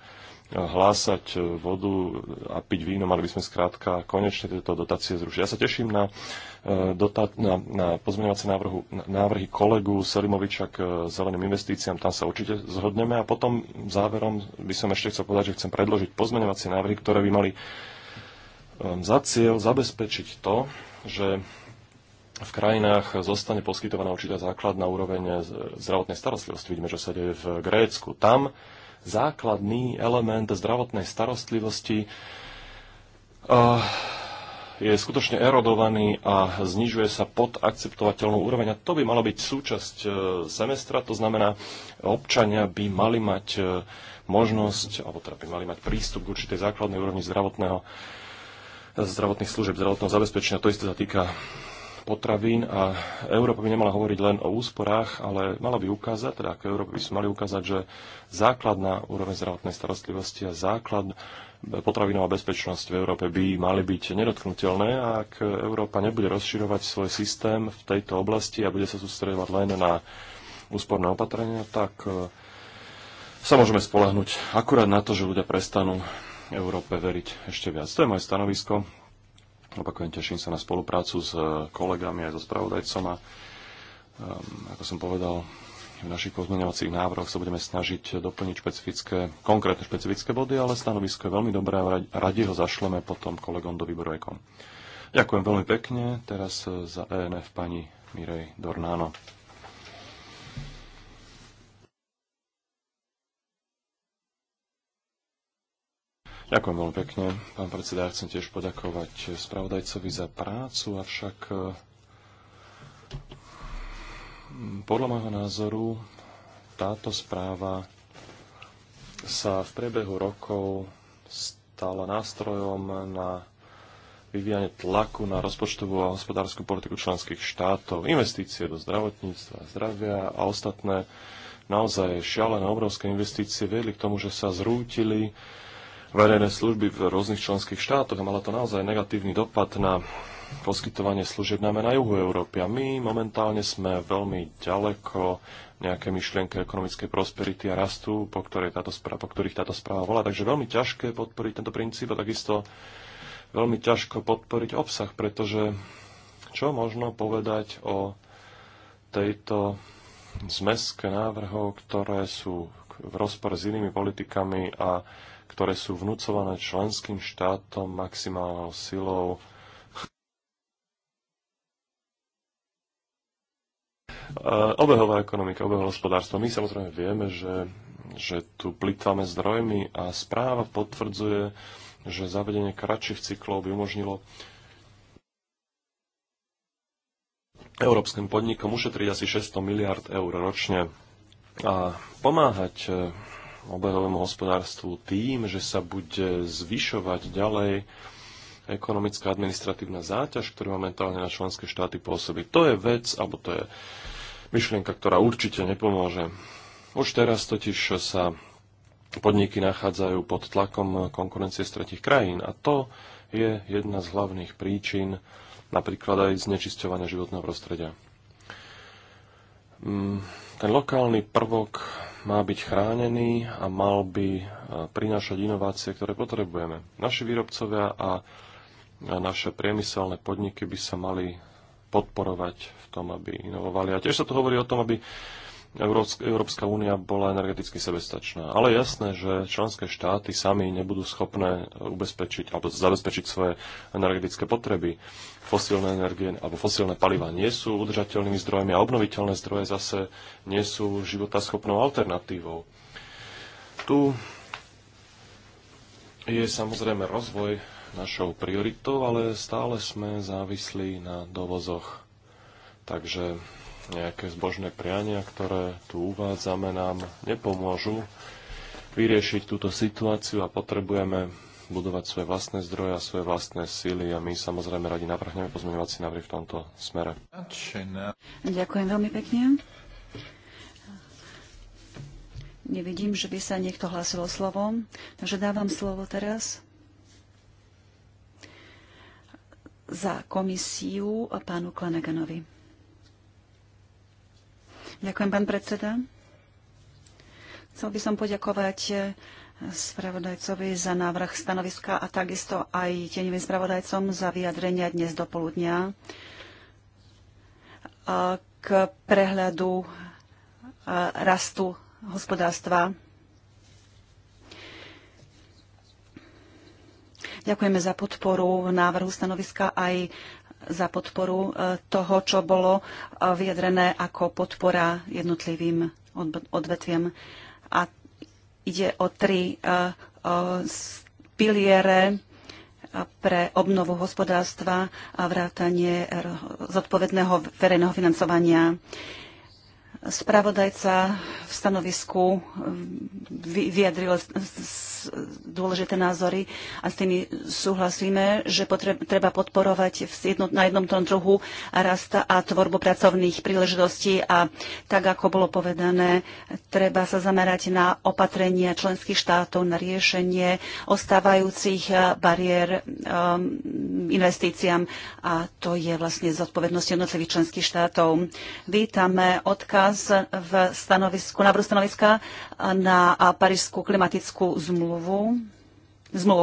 hlásať e, vodu a piť víno, mali by sme skrátka konečne tieto dotácie zrušiť. Ja sa teším na, e, na, na pozmeňovacie návrhu, na návrhy kolegu Selimoviča k e, zeleným investíciám, tam sa určite zhodneme a potom záverom by som ešte chcel povedať, že chcem predložiť pozmeňovacie návrhy, ktoré by mali za cieľ zabezpečiť to, že v krajinách zostane poskytovaná určitá základná úroveň zdravotnej starostlivosti. Vidíme, že sa deje v Grécku. Tam základný element zdravotnej starostlivosti eh, je skutočne erodovaný a znižuje sa pod akceptovateľnú úroveň. A to by malo byť súčasť eh, semestra, to znamená, občania by mali mať eh, možnosť, alebo teda by mali mať prístup k určitej základnej úrovni zdravotného, zdravotných služeb zdravotného zabezpečenia. To isté sa týka potravín a Európa by nemala hovoriť len o úsporách, ale mala by ukázať, teda ako Európa by sme mali ukázať, že základná úroveň zdravotnej starostlivosti a základ e, potravinová bezpečnosť v Európe by mali byť nedotknutelné a ak Európa nebude rozširovať svoj systém v tejto oblasti a bude sa sústredovať len na úsporné opatrenia, tak e, sa môžeme spolahnuť akurát na to, že ľudia prestanú Európe veriť ešte viac. To je moje stanovisko Opakujem, teším sa na spoluprácu s eh, kolegami aj so spravodajcom a ehm, ako som povedal, v našich pozmeňovacích návrhoch sa budeme snažiť doplniť špecifické, konkrétne špecifické body, ale stanovisko je veľmi dobré a radi ho zašleme potom kolegom do výboru EKON. Ďakujem veľmi pekne. Teraz eh, za ENF pani Mirej Dornáno. Ďakujem veľmi pekne. Pán predseda, ja chcem tiež poďakovať spravodajcovi za prácu, avšak eh, podľa môjho názoru táto správa sa v priebehu rokov stala nástrojom na vyvíjanie tlaku na rozpočtovú a hospodárskú politiku členských štátov, investície do zdravotníctva, zdravia a ostatné naozaj šialené obrovské investície viedli k tomu, že sa zrútili verejné služby v rôznych členských štátoch a mala to naozaj negatívny dopad na poskytovanie služieb najmä na juhu Európy. A my momentálne sme veľmi ďaleko nejaké myšlienke ekonomickej prosperity a rastu, po, ktorej táto správa, po ktorých táto správa volá. Takže veľmi ťažké podporiť tento princíp a takisto veľmi ťažko podporiť obsah, pretože čo možno povedať o tejto zmeske návrhov, ktoré sú v rozpore s inými politikami a ktoré sú vnúcované členským štátom maximálnou silou. E, obehová ekonomika, obehové hospodárstvo. My samozrejme vieme, že, že tu plitváme zdrojmi a správa potvrdzuje, že zavedenie kratších cyklov by umožnilo európskym podnikom ušetriť asi 600 miliard eur ročne a pomáhať e, obehovému hospodárstvu tým, že sa bude zvyšovať ďalej ekonomická administratívna záťaž, ktorú momentálne na členské štáty pôsobí. To je vec, alebo to je myšlienka, ktorá určite nepomôže. Už teraz totiž sa podniky nachádzajú pod tlakom konkurencie z tretich krajín a to je jedna z hlavných príčin napríklad aj znečisťovania životného prostredia. Mm, ten lokálny prvok má byť chránený a mal by e, prinášať inovácie, ktoré potrebujeme. Naši výrobcovia a naše priemyselné podniky by sa mali podporovať v tom, aby inovovali. A tiež sa tu hovorí o tom, aby Európska únia bola energeticky sebestačná. Ale jasné, že členské štáty sami nebudú schopné ubezpečiť alebo zabezpečiť svoje energetické potreby. Fosílne energie alebo fosílne paliva nie sú udržateľnými zdrojmi a obnoviteľné zdroje zase nie sú životaschopnou alternatívou. Tu je samozrejme rozvoj našou prioritou, ale stále sme závislí na dovozoch. Takže nejaké zbožné priania, ktoré tu uvádzame, nám nepomôžu vyriešiť túto situáciu a potrebujeme budovať svoje vlastné zdroje a svoje vlastné síly a my samozrejme radi navrhneme pozmeňovací návrh v tomto smere. Ďakujem veľmi pekne. Nevidím, že by sa niekto hlásil slovom, takže dávam slovo teraz za komisiu pánu Klanaganovi. Ďakujem, pán predseda. Chcel by som poďakovať spravodajcovi za návrh stanoviska a takisto aj tieňovým spravodajcom za vyjadrenia dnes do poludnia k prehľadu rastu hospodárstva. Ďakujeme za podporu návrhu stanoviska aj za podporu e, toho, čo bolo e, vyjadrené ako podpora jednotlivým odvetviem. A ide o tri e, piliere pre obnovu hospodárstva a vrátanie zodpovedného verejného financovania. Spravodajca v stanovisku vyjadril dôležité názory a s tými súhlasíme, že potreb, treba podporovať v jedno, na jednom tom druhu rasta a tvorbu pracovných príležitostí a tak, ako bolo povedané, treba sa zamerať na opatrenia členských štátov na riešenie ostávajúcich eh, bariér um, investíciám a to je vlastne zodpovednosť jednotlivých členských štátov. Vítame odkaz v stanovisku, návrhu stanoviska na Parížskú klimatickú zmluvu, zmluvu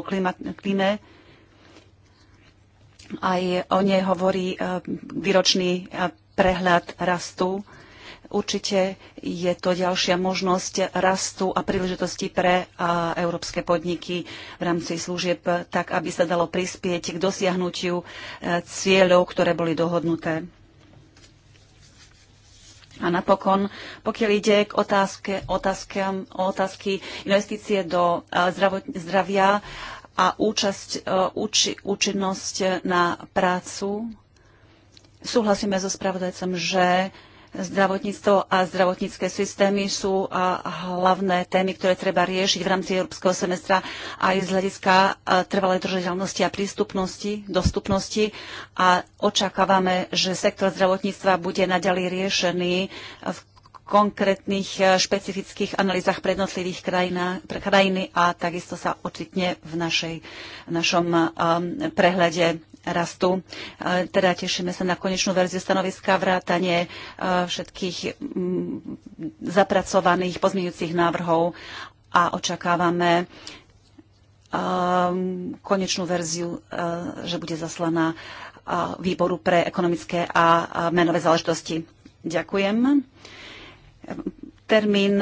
klíme. Aj o nej hovorí e, výročný e, prehľad rastu. Určite je to ďalšia možnosť rastu a príležitosti pre e, európske podniky v rámci služieb, tak aby sa dalo prispieť k dosiahnutiu cieľov, ktoré boli dohodnuté. A napokon, pokiaľ ide k otázke, otázke, otázky investície do e, zdravot, zdravia a účasť, e, úči, účinnosť na prácu, súhlasíme so spravodajcom, že Zdravotníctvo a zdravotnícke systémy sú hlavné témy, ktoré treba riešiť v rámci európskeho semestra aj z hľadiska trvalej držateľnosti a prístupnosti, dostupnosti a očakávame, že sektor zdravotníctva bude naďalej riešený v konkrétnych e, špecifických analýzach pre jednotlivých krajiny a takisto sa ocitne v našej, našom e, prehľade rastu. E, teda tešíme sa na konečnú verziu stanoviska, vrátanie e, všetkých mm, zapracovaných pozmeňujúcich návrhov a očakávame e, konečnú verziu, že bude zaslaná výboru pre ekonomické a menové záležitosti. Ďakujem. Termín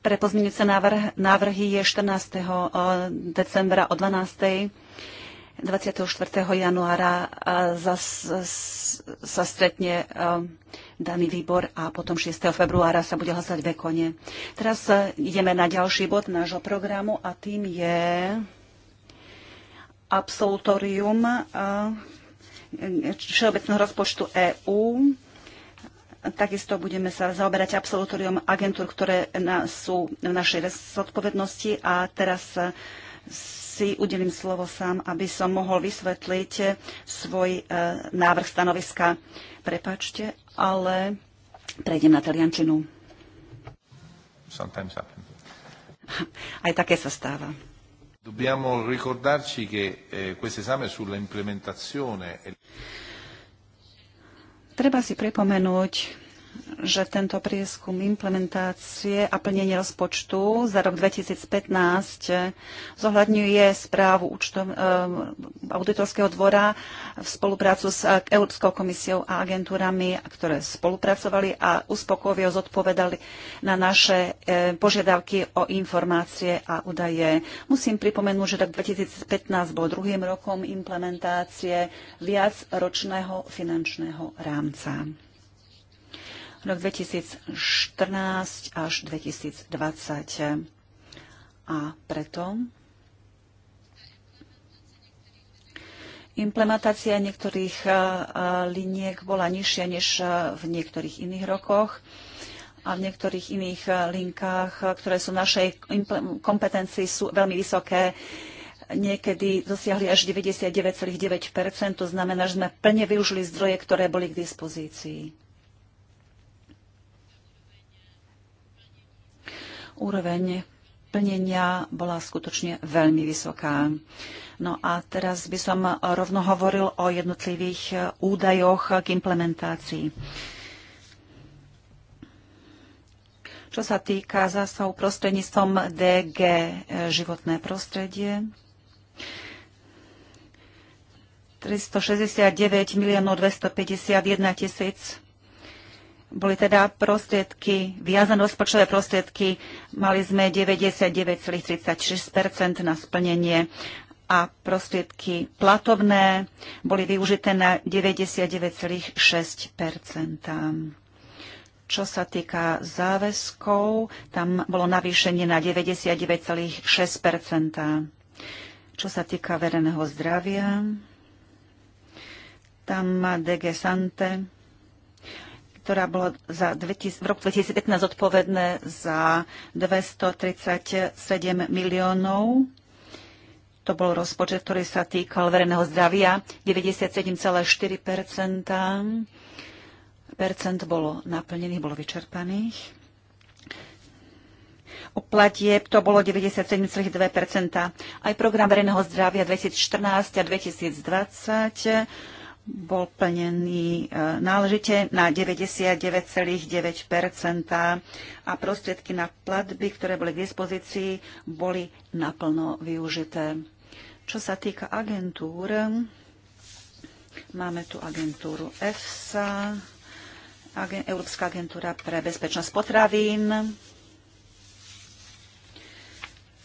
pre pozmeňujúce návrhy je 14. decembra o 12. 24. januára sa stretne um, daný výbor a potom 6. februára sa bude hlasať v Teraz uh, ideme na ďalší bod nášho programu a tým je absolutorium uh, Všeobecného rozpočtu EÚ. Takisto budeme sa zaoberať absolutorium agentúr, ktoré sú v našej zodpovednosti a teraz uh, si udelím slovo sám, aby som mohol vysvetliť svoj e, návrh stanoviska. Prepačte, ale prejdem na taliančinu. Aj také sa stáva. Dobbiamo ricordarci che e, questo esame sulla implementazione e- Treba si pripomenúť, že tento prieskum implementácie a plnenie rozpočtu za rok 2015 zohľadňuje správu účtov, e, auditorského dvora v spoluprácu s Európskou komisiou a agentúrami, ktoré spolupracovali a uspokojivo zodpovedali na naše e, požiadavky o informácie a údaje. Musím pripomenúť, že rok 2015 bol druhým rokom implementácie viacročného finančného rámca rok 2014 až 2020. A preto implementácia niektorých e, e, liniek bola nižšia než e, v niektorých iných rokoch a v niektorých iných linkách, ktoré sú v našej kompetencii, sú veľmi vysoké. Niekedy dosiahli až 99,9 to znamená, že sme plne využili zdroje, ktoré boli k dispozícii. úroveň plnenia bola skutočne veľmi vysoká. No a teraz by som rovno hovoril o jednotlivých e, údajoch k implementácii. Čo sa týka zásahu prostredníctvom DG e, životné prostredie, 369 miliónov 251 tisíc boli teda prostriedky, viazané rozpočtové prostriedky, mali sme 99,36 na splnenie a prostriedky platovné boli využité na 99,6 Čo sa týka záväzkov, tam bolo navýšenie na 99,6 Čo sa týka verejného zdravia, tam má DG Sante ktorá bola za 2000, v roku 2015 odpovedné za 237 miliónov. To bol rozpočet, ktorý sa týkal verejného zdravia, 97,4 percent bolo naplnených, bolo vyčerpaných. U platieb to bolo 97,2 Aj program verejného zdravia 2014 a 2020 bol plnený e, náležite na 99,9 a prostriedky na platby, ktoré boli k dispozícii, boli naplno využité. Čo sa týka agentúr, máme tu agentúru EFSA, Európska agentúra pre bezpečnosť potravín,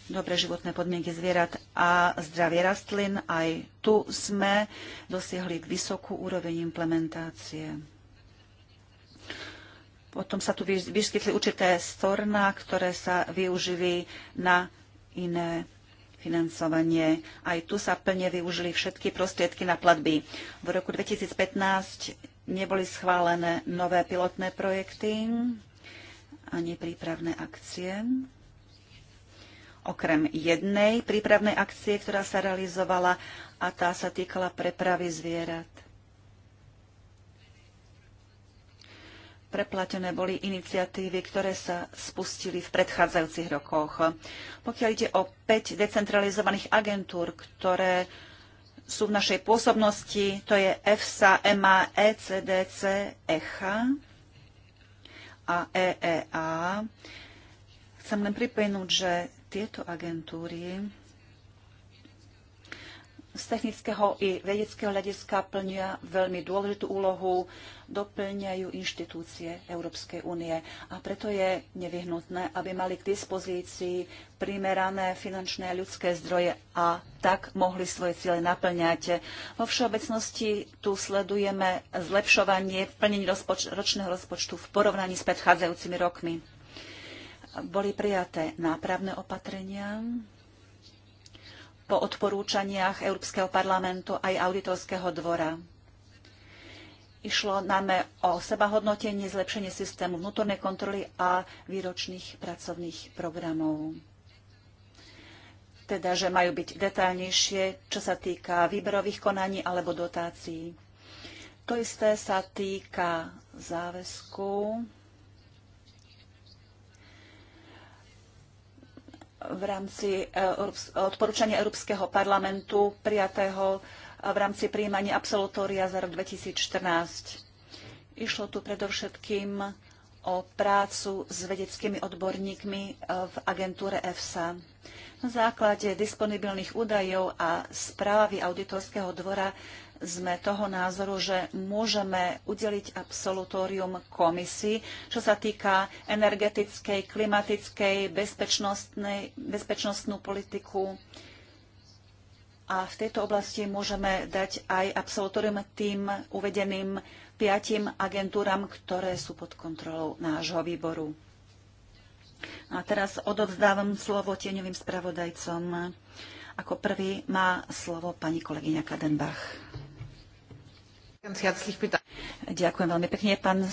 dobré životné podmienky zvierat a zdravie rastlin. Aj tu sme dosiahli vysokú úroveň implementácie. Potom sa tu vyskytli určité storna, ktoré sa využili na iné financovanie. Aj tu sa plne využili všetky prostriedky na platby. V roku 2015 neboli schválené nové pilotné projekty ani prípravné akcie okrem jednej prípravnej akcie, ktorá sa realizovala a tá sa týkala prepravy zvierat. preplatené boli iniciatívy, ktoré sa spustili v predchádzajúcich rokoch. Pokiaľ ide o 5 decentralizovaných agentúr, ktoré sú v našej pôsobnosti, to je EFSA, EMA, ECDC, ECHA a EEA. Chcem len pripomenúť, že tieto agentúry z technického i vedeckého hľadiska plnia veľmi dôležitú úlohu, doplňajú inštitúcie Európskej únie. A preto je nevyhnutné, aby mali k dispozícii primerané finančné a ľudské zdroje a tak mohli svoje ciele naplňať. Vo všeobecnosti tu sledujeme zlepšovanie plnení rozpoč- ročného rozpočtu v porovnaní s predchádzajúcimi rokmi. Boli prijaté nápravné opatrenia po odporúčaniach Európskeho parlamentu aj auditorského dvora. Išlo najmä o sebahodnotenie, zlepšenie systému vnútornej kontroly a výročných pracovných programov. Teda, že majú byť detaľnejšie, čo sa týka výberových konaní alebo dotácií. To isté sa týka záväzku v rámci e, odporúčania Európskeho parlamentu prijatého e, v rámci príjmania absolutória za rok 2014. Išlo tu predovšetkým o prácu s vedeckými odborníkmi e, v agentúre EFSA. Na základe disponibilných údajov a správy auditorského dvora sme toho názoru, že môžeme udeliť absolutórium komisii, čo sa týka energetickej, klimatickej, bezpečnostnú politiku. A v tejto oblasti môžeme dať aj absolutórium tým uvedeným piatim agentúram, ktoré sú pod kontrolou nášho výboru. A teraz odovzdávam slovo tieňovým spravodajcom. Ako prvý má slovo pani kolegyňa Kadenbach. Ďakujem veľmi pekne, pán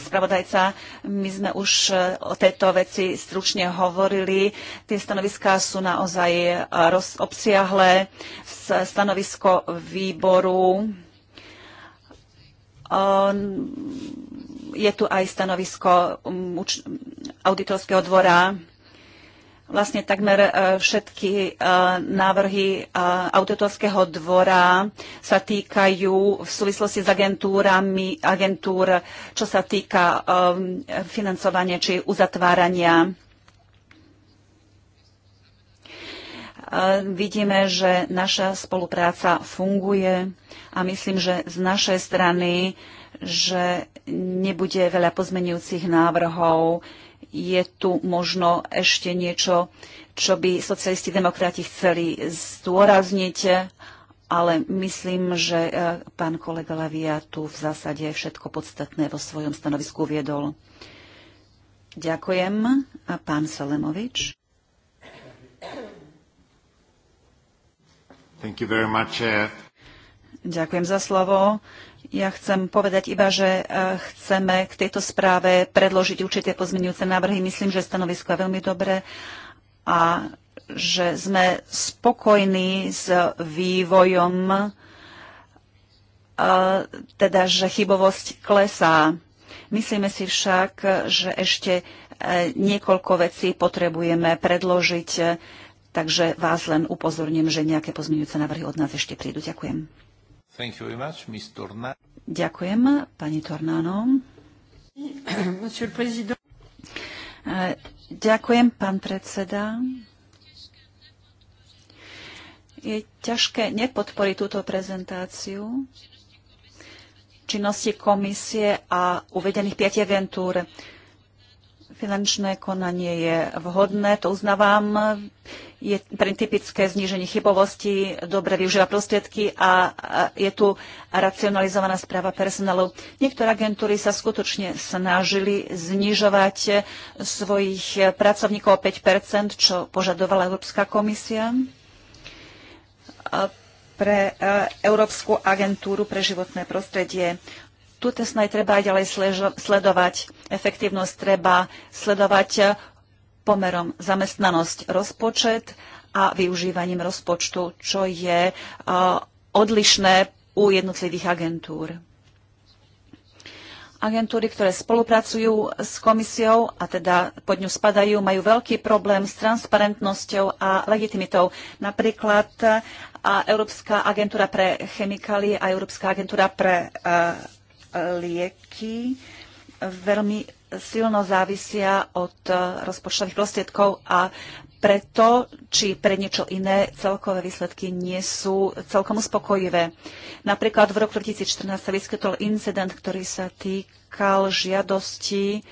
spravodajca. My sme už e, o tejto veci stručne hovorili. Tie stanoviská sú naozaj e, obsiahle. Stanovisko výboru je tu aj stanovisko auditorského dvora vlastne takmer e, všetky e, návrhy e, auditorského dvora sa týkajú v súvislosti s agentúrami, agentúr, čo sa týka financovania či uzatvárania. Vidíme, že naša spolupráca funguje a myslím, že z našej strany, že nebude veľa pozmenujúcich návrhov, je tu možno ešte niečo, čo by socialisti demokrati chceli zdôrazniť, ale myslím, že e, pán kolega Lavia tu v zásade všetko podstatné vo svojom stanovisku viedol. Ďakujem. A pán Salemovič. Thank you very much. Uh... Ďakujem za slovo. Ja chcem povedať iba, že e, chceme k tejto správe predložiť určité pozmeňujúce návrhy. Myslím, že stanovisko je veľmi dobré a že sme spokojní s vývojom, e, teda že chybovosť klesá. Myslíme si však, že ešte e, niekoľko vecí potrebujeme predložiť, takže vás len upozorním, že nejaké pozmeňujúce návrhy od nás ešte prídu. Ďakujem. Thank you very much, Ms. Torna. Ďakujem, pani Tornáno. E, ďakujem, pán predseda. Je ťažké nepodporiť túto prezentáciu činnosti komisie a uvedených piatich agentúr finančné konanie je vhodné, to uznávam, je pre typické zníženie chybovosti, dobre využíva prostriedky a je tu racionalizovaná správa personálu. Niektoré agentúry sa skutočne snažili znižovať svojich pracovníkov o 5 čo požadovala Európska komisia pre e, Európsku agentúru pre životné prostredie túto snaj treba aj ďalej sledovať. Efektívnosť treba sledovať eh, pomerom zamestnanosť rozpočet a využívaním rozpočtu, čo je eh, odlišné u jednotlivých agentúr. Agentúry, ktoré spolupracujú s komisiou a teda pod ňu spadajú, majú veľký problém s transparentnosťou a legitimitou. Napríklad eh, a Európska agentúra pre chemikálie a Európska agentúra pre lieky veľmi silno závisia od rozpočtových prostriedkov a preto, či pre niečo iné celkové výsledky nie sú celkom uspokojivé. Napríklad v roku 2014 sa vyskytol incident, ktorý sa týkal žiadosti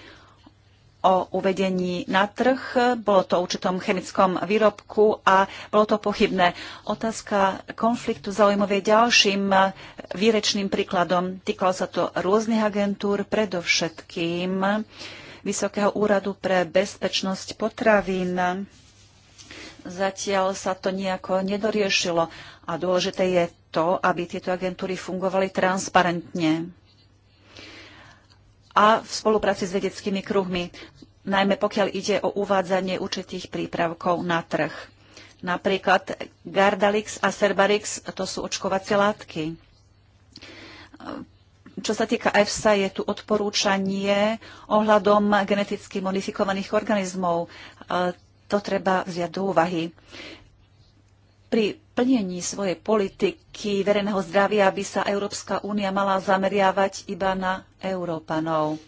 o uvedení na trh. Bolo to určitom chemickom výrobku a bolo to pochybné. Otázka konfliktu zaujímavé je ďalším výrečným príkladom. Týkalo sa to rôznych agentúr, predovšetkým Vysokého úradu pre bezpečnosť potravín. Zatiaľ sa to nejako nedoriešilo a dôležité je to, aby tieto agentúry fungovali transparentne a v spolupráci s vedeckými kruhmi, najmä pokiaľ ide o uvádzanie určitých prípravkov na trh. Napríklad Gardalix a Cerbarix, to sú očkovacie látky. Čo sa týka EFSA, je tu odporúčanie ohľadom geneticky modifikovaných organizmov. E, to treba vziať do úvahy pri plnení svojej politiky verejného zdravia by sa Európska únia mala zameriavať iba na Európanov.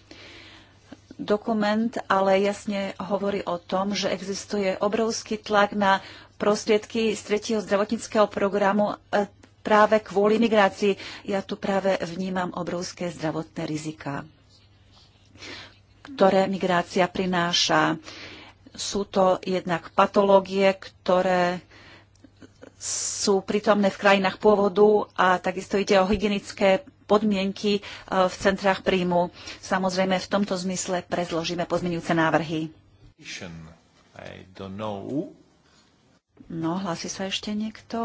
Dokument ale jasne hovorí o tom, že existuje obrovský tlak na prostriedky z tretieho zdravotníckého programu e, práve kvôli migrácii. Ja tu práve vnímam obrovské zdravotné rizika, ktoré migrácia prináša. Sú to jednak patológie, ktoré sú prítomné v krajinách pôvodu a takisto ide o hygienické podmienky e, v centrách príjmu. Samozrejme, v tomto zmysle prezložíme pozmeňujúce návrhy. No, hlási sa ešte niekto?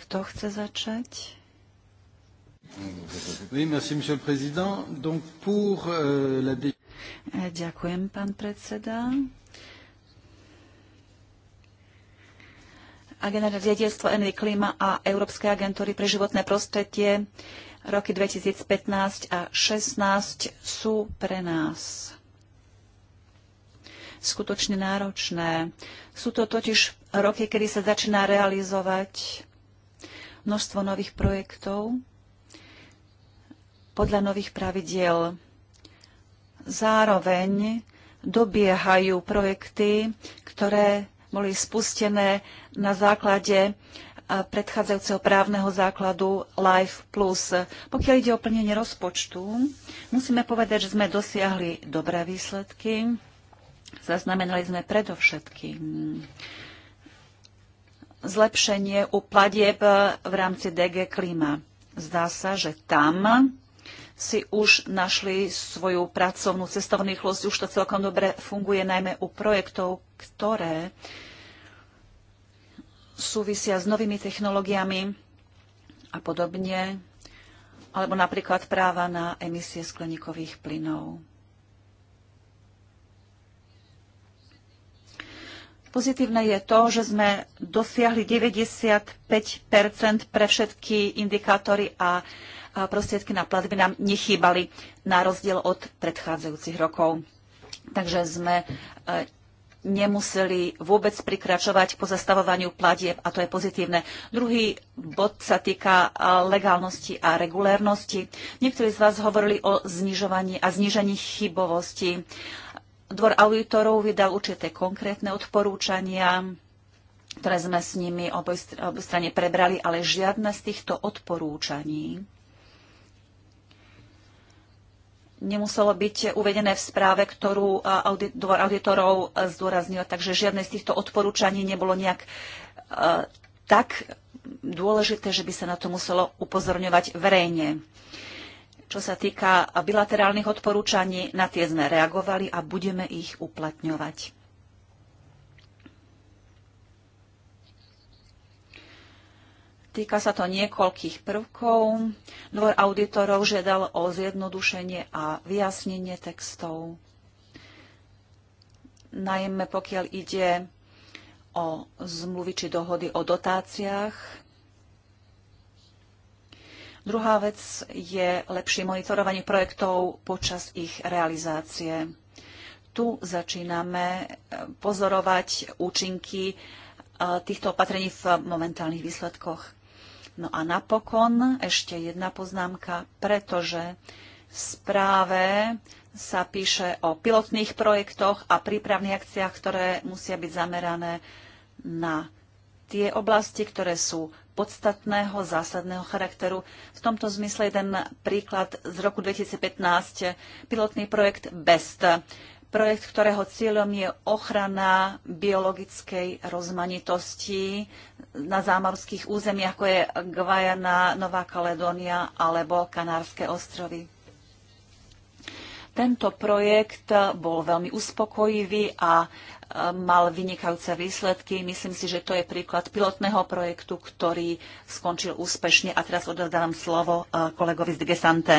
Kto chce začať? Oui, merci, monsieur le président. Donc, pour, euh, la... E, ďakujem, pán predseda. generálne riaditeľstvo Envy Klima a Európskej agentúry pre životné prostredie roky 2015 a 2016 sú pre nás skutočne náročné. Sú to totiž roky, kedy sa začína realizovať množstvo nových projektov podľa nových pravidiel. Zároveň dobiehajú projekty, ktoré boli spustené na základe predchádzajúceho právneho základu Life Plus. Pokiaľ ide o plnenie rozpočtu, musíme povedať, že sme dosiahli dobré výsledky. Zaznamenali sme predovšetkým zlepšenie u pladieb v rámci DG Klima. Zdá sa, že tam si už našli svoju pracovnú cestovnú chlosť, Už to celkom dobre funguje, najmä u projektov, ktoré súvisia s novými technológiami a podobne, alebo napríklad práva na emisie skleníkových plynov. Pozitívne je to, že sme dosiahli 95 pre všetky indikátory a prostriedky na platby nám nechýbali na rozdiel od predchádzajúcich rokov. Takže sme e, nemuseli vôbec prikračovať po zastavovaniu platieb a to je pozitívne. Druhý bod sa týka e, legálnosti a regulérnosti. Niektorí z vás hovorili o znižovaní a znižení chybovosti. Dvor auditorov vydal určité konkrétne odporúčania, ktoré sme s nimi oboj strane prebrali, ale žiadne z týchto odporúčaní nemuselo byť uvedené v správe, ktorú dvor auditorov zdôraznil. Takže žiadne z týchto odporúčaní nebolo nejak tak dôležité, že by sa na to muselo upozorňovať verejne. Čo sa týka bilaterálnych odporúčaní, na tie sme reagovali a budeme ich uplatňovať. Týka sa to niekoľkých prvkov. Dvor auditorov žiadal o zjednodušenie a vyjasnenie textov, najmä pokiaľ ide o zmluvy či dohody o dotáciách. Druhá vec je lepšie monitorovanie projektov počas ich realizácie. Tu začíname eh, pozorovať účinky eh, týchto opatrení v momentálnych výsledkoch. No a napokon ešte jedna poznámka, pretože v správe sa píše o pilotných projektoch a prípravných akciách, ktoré musia byť zamerané na tie oblasti, ktoré sú podstatného, zásadného charakteru. V tomto zmysle jeden príklad z roku 2015, pilotný projekt BEST projekt, ktorého cieľom je ochrana biologickej rozmanitosti na zámorských územiach, ako je Gvajana, Nová Kaledónia alebo Kanárske ostrovy. Tento projekt bol veľmi uspokojivý a e, mal vynikajúce výsledky. Myslím si, že to je príklad pilotného projektu, ktorý skončil úspešne. A teraz odovzdávam slovo e, kolegovi z Digesante.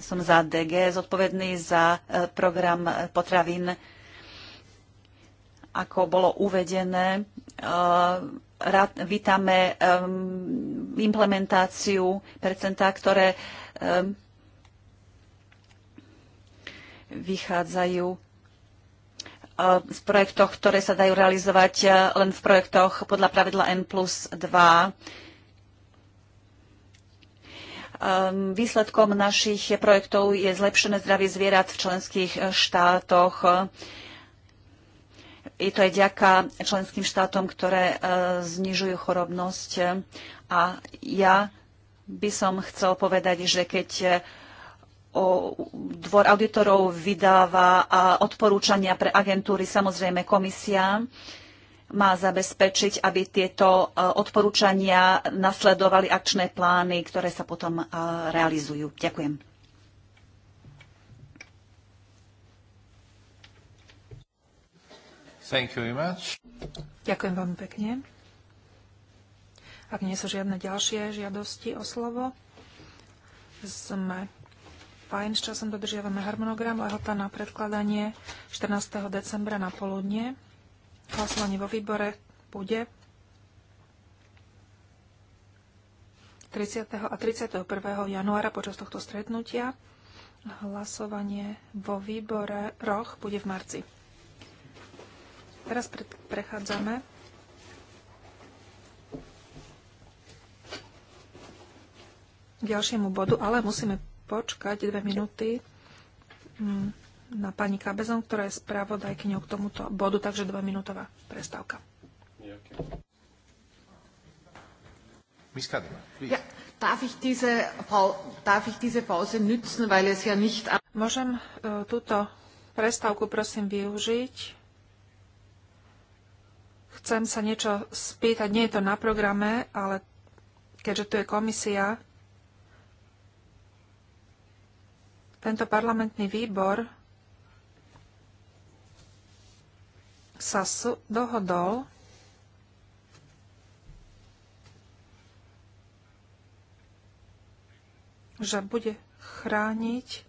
Som za DG, zodpovedný za e, program e, potravín. Ako bolo uvedené, e, vítame implementáciu percentá, ktoré vychádzajú z projektoch, ktoré sa dajú realizovať len v projektoch podľa pravidla N plus 2 Ehm, výsledkom našich projektov je zlepšené zdravie zvierat v členských štátoch. Je to aj ďaká členským štátom, ktoré e, znižujú chorobnosť. A ja by som chcel povedať, že keď e, o, dvor auditorov vydáva a odporúčania pre agentúry, samozrejme komisia, má zabezpečiť, aby tieto e, odporúčania nasledovali akčné plány, ktoré sa potom e, realizujú. Ďakujem. Thank you very much. Ďakujem veľmi pekne. Ak nie sú žiadne ďalšie žiadosti o slovo, sme fajn, s časom dodržiavame harmonogram, lehota na predkladanie 14. decembra na poludne. Hlasovanie vo výbore bude 30. a 31. januára počas tohto stretnutia. Hlasovanie vo výbore roh bude v marci. Teraz prechádzame k ďalšiemu bodu, ale musíme počkať dve minúty. Hmm na pani Kabezon, ktorá je spravodajkyňou k tomuto bodu, takže minútová prestávka. Môžem e, túto prestávku prosím využiť. Chcem sa niečo spýtať, nie je to na programe, ale keďže tu je komisia, tento parlamentný výbor sa dohodol že bude chrániť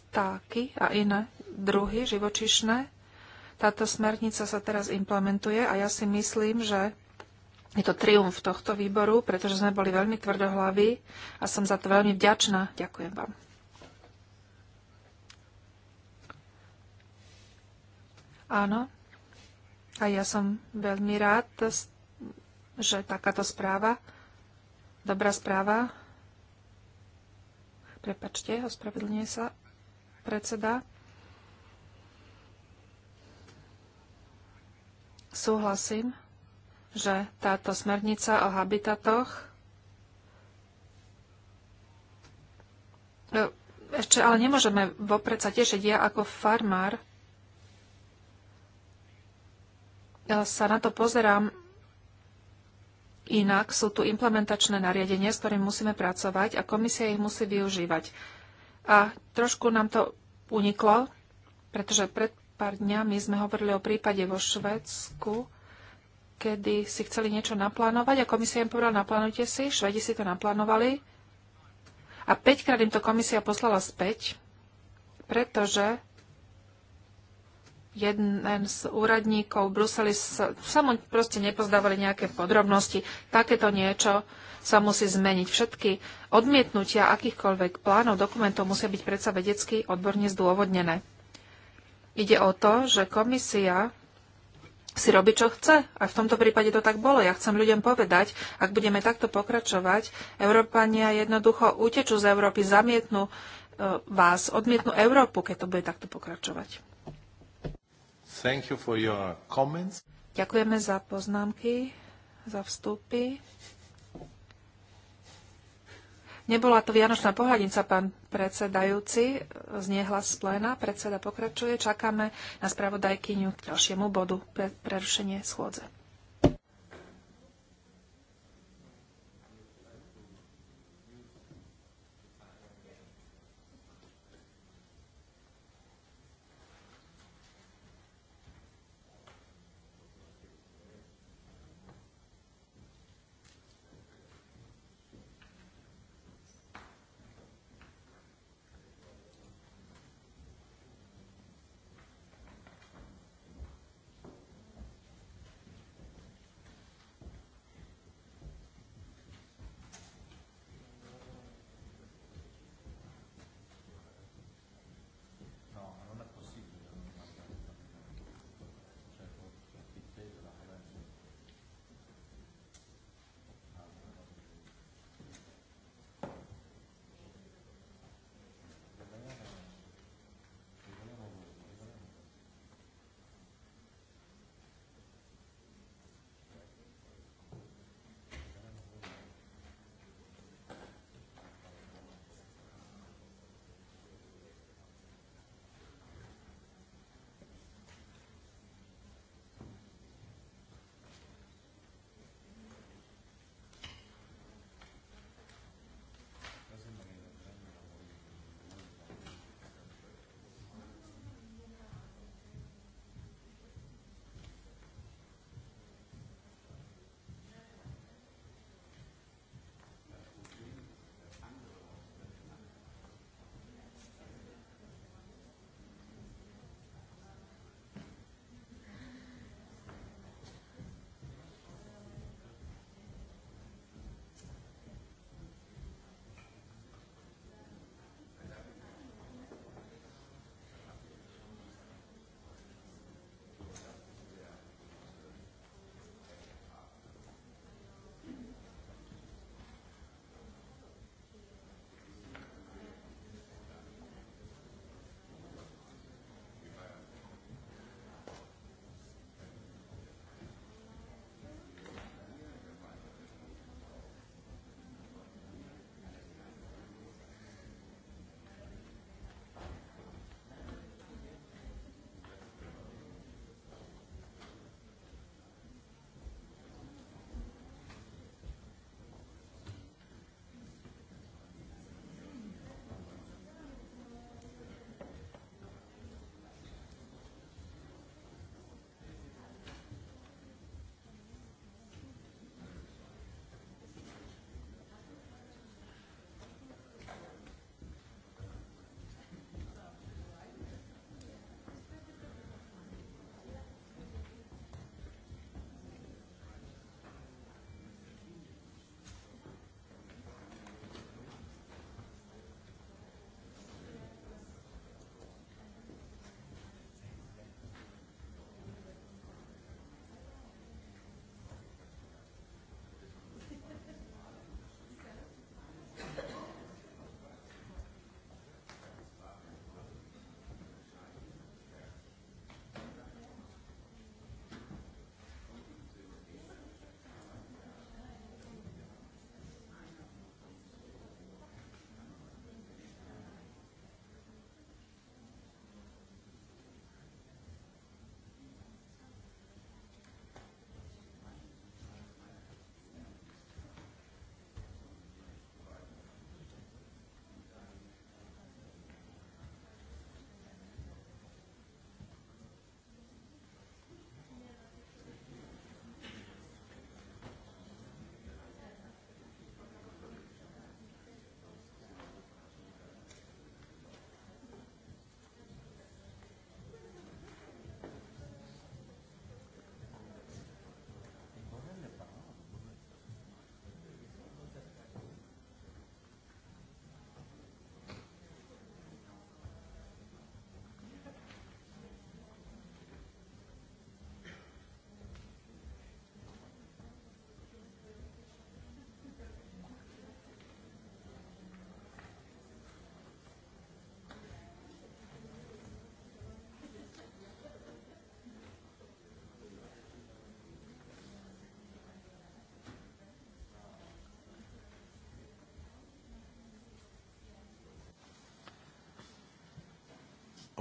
vtáky a iné druhy živočišné. Táto smernica sa teraz implementuje a ja si myslím, že je to triumf tohto výboru, pretože sme boli veľmi tvrdohlaví a som za to veľmi vďačná. Ďakujem vám. Áno. A ja som veľmi rád, že takáto správa, dobrá správa, prepačte, ospravedlňuje sa predseda, súhlasím, že táto smernica o habitatoch e, ešte ale nemôžeme vopred sa tešiť. Ja ako farmár sa na to pozerám inak, sú tu implementačné nariadenia, s ktorým musíme pracovať a komisia ich musí využívať. A trošku nám to uniklo, pretože pred pár dňami sme hovorili o prípade vo Švedsku, kedy si chceli niečo naplánovať a komisia im povedala, naplánujte si, Švedi si to naplánovali a 5 krát im to komisia poslala späť, pretože jeden z úradníkov v Bruseli sa, sa mu proste nepozdávali nejaké podrobnosti. Takéto niečo sa musí zmeniť. Všetky odmietnutia akýchkoľvek plánov, dokumentov musia byť predsa vedecky odborne zdôvodnené. Ide o to, že komisia si robí, čo chce. A v tomto prípade to tak bolo. Ja chcem ľuďom povedať, ak budeme takto pokračovať, Európania jednoducho utečú z Európy, zamietnú e, vás, odmietnú Európu, keď to bude takto pokračovať. Thank you for your comments. Ďakujeme za poznámky, za vstupy. Nebola to vianočná pohľadnica, pán predsedajúci, znie hlas z pléna. Predseda pokračuje. Čakáme na spravodajkyňu k ďalšiemu bodu pre prerušenie schôdze.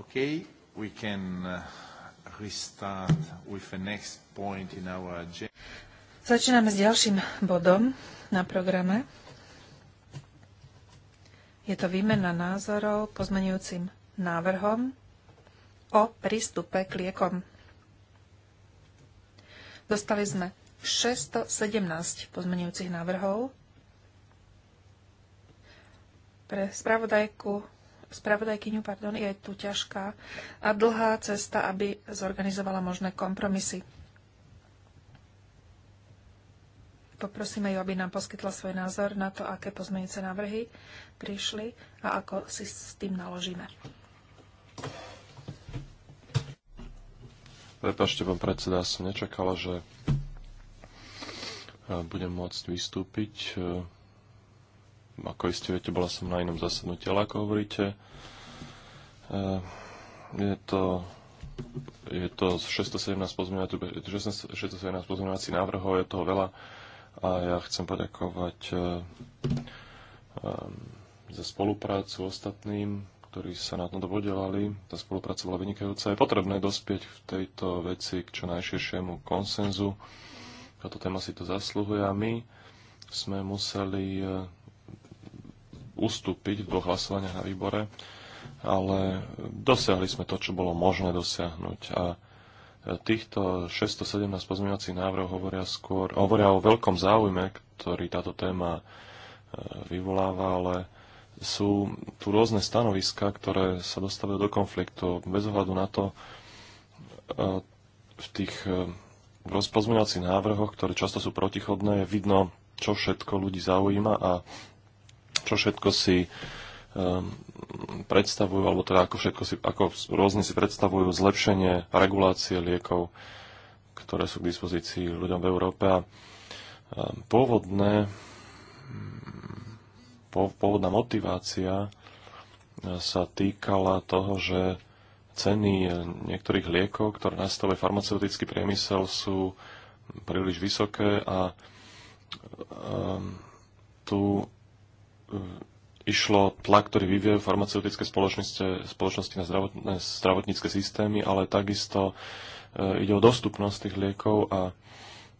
Okay, we can uh, restart with the next point in our agenda. Začíname s ďalším bodom na programe. Je to výmena názorov pozmenujúcim návrhom o prístupe k liekom. Dostali sme 617 pozmeňujúcich návrhov. Pre spravodajku spravodajkyňu, pardon, je tu ťažká a dlhá cesta, aby zorganizovala možné kompromisy. Poprosíme ju, aby nám poskytla svoj názor na to, aké pozmeňujúce návrhy prišli a ako si s tým naložíme. Prepašte, pán predseda, som nečakala, že eh, budem môcť vystúpiť eh, ako isté viete, bola som na inom zasadnutí, ale ako hovoríte, eh, je to, je to 617 pozmeňovací 617 pozmeňovací návrhov, je toho veľa a ja chcem poďakovať eh, eh, za spoluprácu ostatným, ktorí sa na tom dobodelali. Tá spolupráca bola vynikajúca. Je potrebné dospieť v tejto veci k čo najširšiemu konsenzu. Táto téma si to zasluhuje a my sme museli ustúpiť v dvoch hlasovaniach na výbore, ale dosiahli sme to, čo bolo možné dosiahnuť. A týchto 617 pozmeňovacích návrhov hovoria skôr, hovoria o veľkom záujme, ktorý táto téma e, vyvoláva, ale sú tu rôzne stanoviska, ktoré sa dostávajú do konfliktu. Bez ohľadu na to, e, v tých e, rozpozmeňovacích návrhoch, ktoré často sú protichodné, je vidno, čo všetko ľudí zaujíma a čo všetko si ehm, predstavujú, alebo teda ako, všetko si, ako rôzne si predstavujú zlepšenie regulácie liekov, ktoré sú k dispozícii ľuďom v Európe. A ehm, pôvodné, pôvodná motivácia e, sa týkala toho, že ceny e, niektorých liekov, ktoré nastavuje farmaceutický priemysel, sú príliš vysoké a ehm, tu išlo tlak, ktorý vyvíjajú farmaceutické spoločnosti, spoločnosti na zdravotné, zdravotnícke systémy, ale takisto e, ide o dostupnosť tých liekov a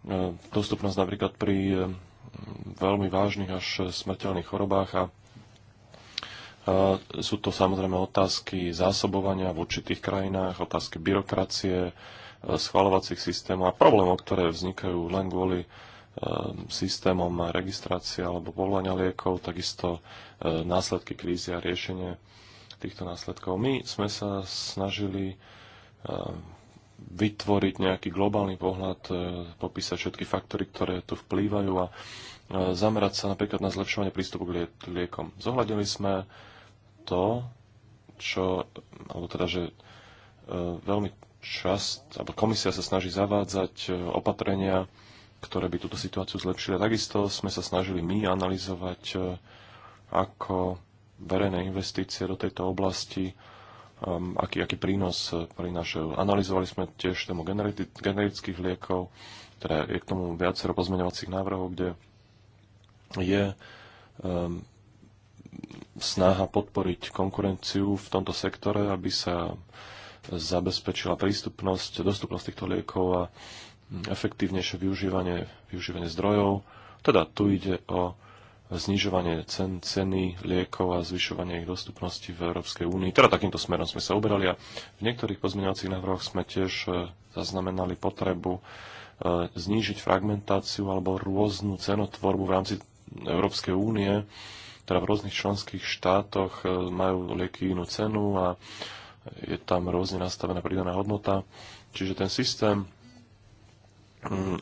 e, dostupnosť napríklad pri e, veľmi vážnych až smrteľných chorobách a sú to samozrejme otázky zásobovania v určitých krajinách, otázky byrokracie, schvalovacích systémov a problémov, ktoré vznikajú len kvôli Um, systémom registrácie alebo povolania liekov, takisto uh, následky krízy a riešenie týchto následkov. My sme sa snažili uh, vytvoriť nejaký globálny pohľad, uh, popísať všetky faktory, ktoré tu vplývajú a zamerať sa napríklad na zlepšovanie prístupu k liekom. Zohľadili sme to, čo, alebo teda, že veľmi čas, alebo komisia sa snaží zavádzať opatrenia, ktoré by túto situáciu zlepšili. Takisto sme sa snažili my analyzovať, e, ako verejné investície do tejto oblasti, um, aký, aký prínos e, prinášajú. Analyzovali sme tiež tému generických liekov, teda je k tomu viacero pozmeňovacích návrhov, kde je um, snaha podporiť konkurenciu v tomto sektore, aby sa zabezpečila prístupnosť, dostupnosť týchto liekov a efektívnejšie využívanie, využívanie zdrojov. Teda tu ide o znižovanie cen, ceny liekov a zvyšovanie ich dostupnosti v Európskej únii. Teda takýmto smerom sme sa uberali a v niektorých pozmeňovacích návrhoch sme tiež e, zaznamenali potrebu e, znížiť fragmentáciu alebo rôznu cenotvorbu v rámci Európskej únie. Teda v rôznych členských štátoch e, majú lieky inú cenu a je tam rôzne nastavená pridaná hodnota. Čiže ten systém Mm.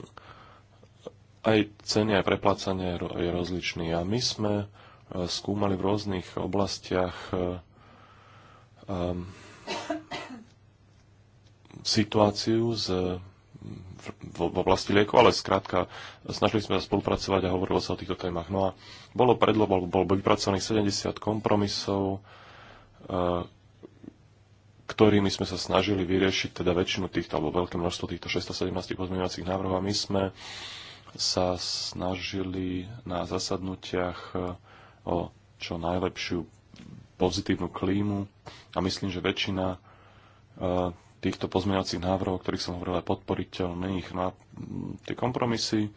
aj ceny, aj preplácanie je rozličný. A my sme e, skúmali v rôznych oblastiach e, situáciu z, v, v oblasti liekov, ale skrátka snažili sme sa spolupracovať a hovorilo sa o týchto témach. No a bolo predlo, bol, bol vypracovaných 70 kompromisov, e, ktorými sme sa snažili vyriešiť teda väčšinu týchto, alebo veľké množstvo týchto 617 pozmeňovacích návrhov a my sme sa snažili na zasadnutiach e, o čo najlepšiu pozitívnu klímu a myslím, že väčšina e, týchto pozmeňovacích návrhov, o ktorých som hovoril, je podporiteľných. No a mm, tie kompromisy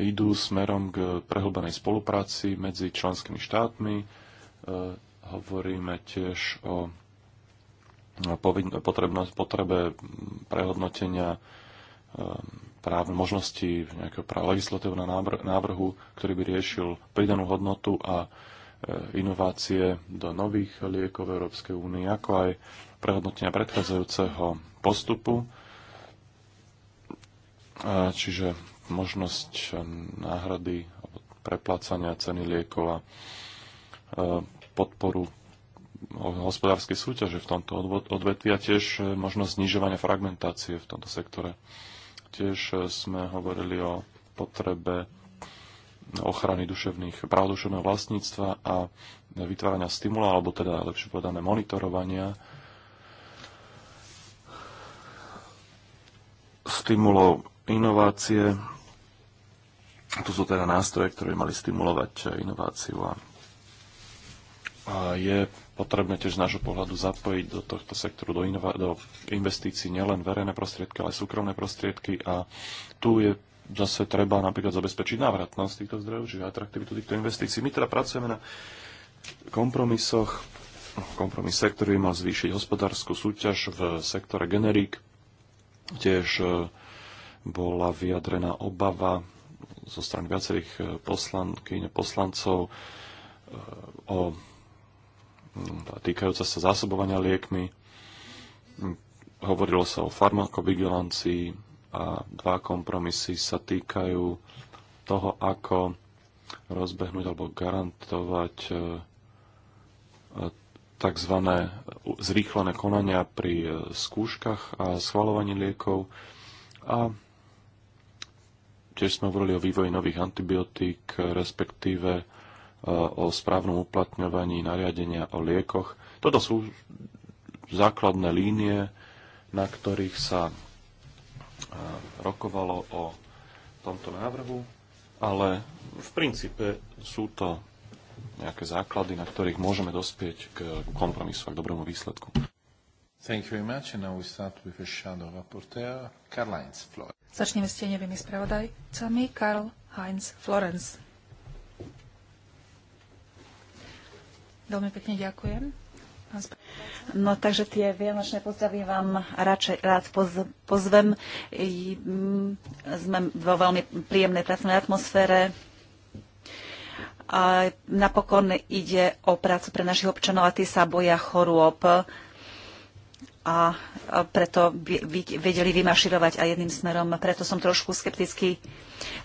idú smerom k prehlbenej spolupráci medzi členskými štátmi. E, hovoríme tiež o potrebnosť, potrebe prehodnotenia e, práv možností nejakého práv legislatívneho návrhu, ktorý by riešil pridanú hodnotu a e, inovácie do nových liekov Európskej únie, ako aj prehodnotenia predchádzajúceho postupu, e, čiže možnosť náhrady, preplácania ceny liekov a podporu hospodárskej súťaže v tomto odvetvi a tiež e, možnosť znižovania fragmentácie v tomto sektore. Tiež e, sme hovorili o potrebe ochrany duševných, práv duševného vlastníctva a vytvárania stimula, alebo teda lepšie povedané monitorovania stimulov inovácie. Tu sú teda nástroje, ktoré mali stimulovať e, inováciu a a je potrebné tiež z nášho pohľadu zapojiť do tohto sektoru, do, inova- do investícií nielen verejné prostriedky, ale aj súkromné prostriedky. A tu je zase treba napríklad zabezpečiť návratnosť týchto zdrojov, čiže atraktivitu týchto investícií. My teda pracujeme na kompromisoch, sektor ktorý mal zvýšiť hospodárskú súťaž v sektore generík. Tiež e, bola vyjadrená obava zo strany viacerých e, poslankyň, poslancov e, o týkajúca sa zásobovania liekmi. Hovorilo sa o farmakovigilancii a dva kompromisy sa týkajú toho, ako rozbehnúť alebo garantovať e, e, tzv. zrýchlené konania pri e, skúškach a schvalovaní liekov. A tiež sme hovorili o vývoji nových antibiotík, respektíve o správnom uplatňovaní nariadenia o liekoch. Toto sú základné línie, na ktorých sa rokovalo o tomto návrhu, ale v princípe sú to nejaké základy, na ktorých môžeme dospieť k kompromisu a k dobrému výsledku. Thank you very much. And now we start with a shadow rapporteur, Karl-Heinz Florence. Začneme s tieňovými spravodajcami. Karl-Heinz Florence. Veľmi pekne ďakujem. No takže tie vianočné pozdravy vám radšej rád poz, pozvem. Mm, sme vo veľmi príjemnej pracovnej atmosfére. A napokon ide o prácu pre našich občanov a tí sa boja chorôb a preto vedeli vymaširovať aj jedným smerom. Preto som trošku skeptický.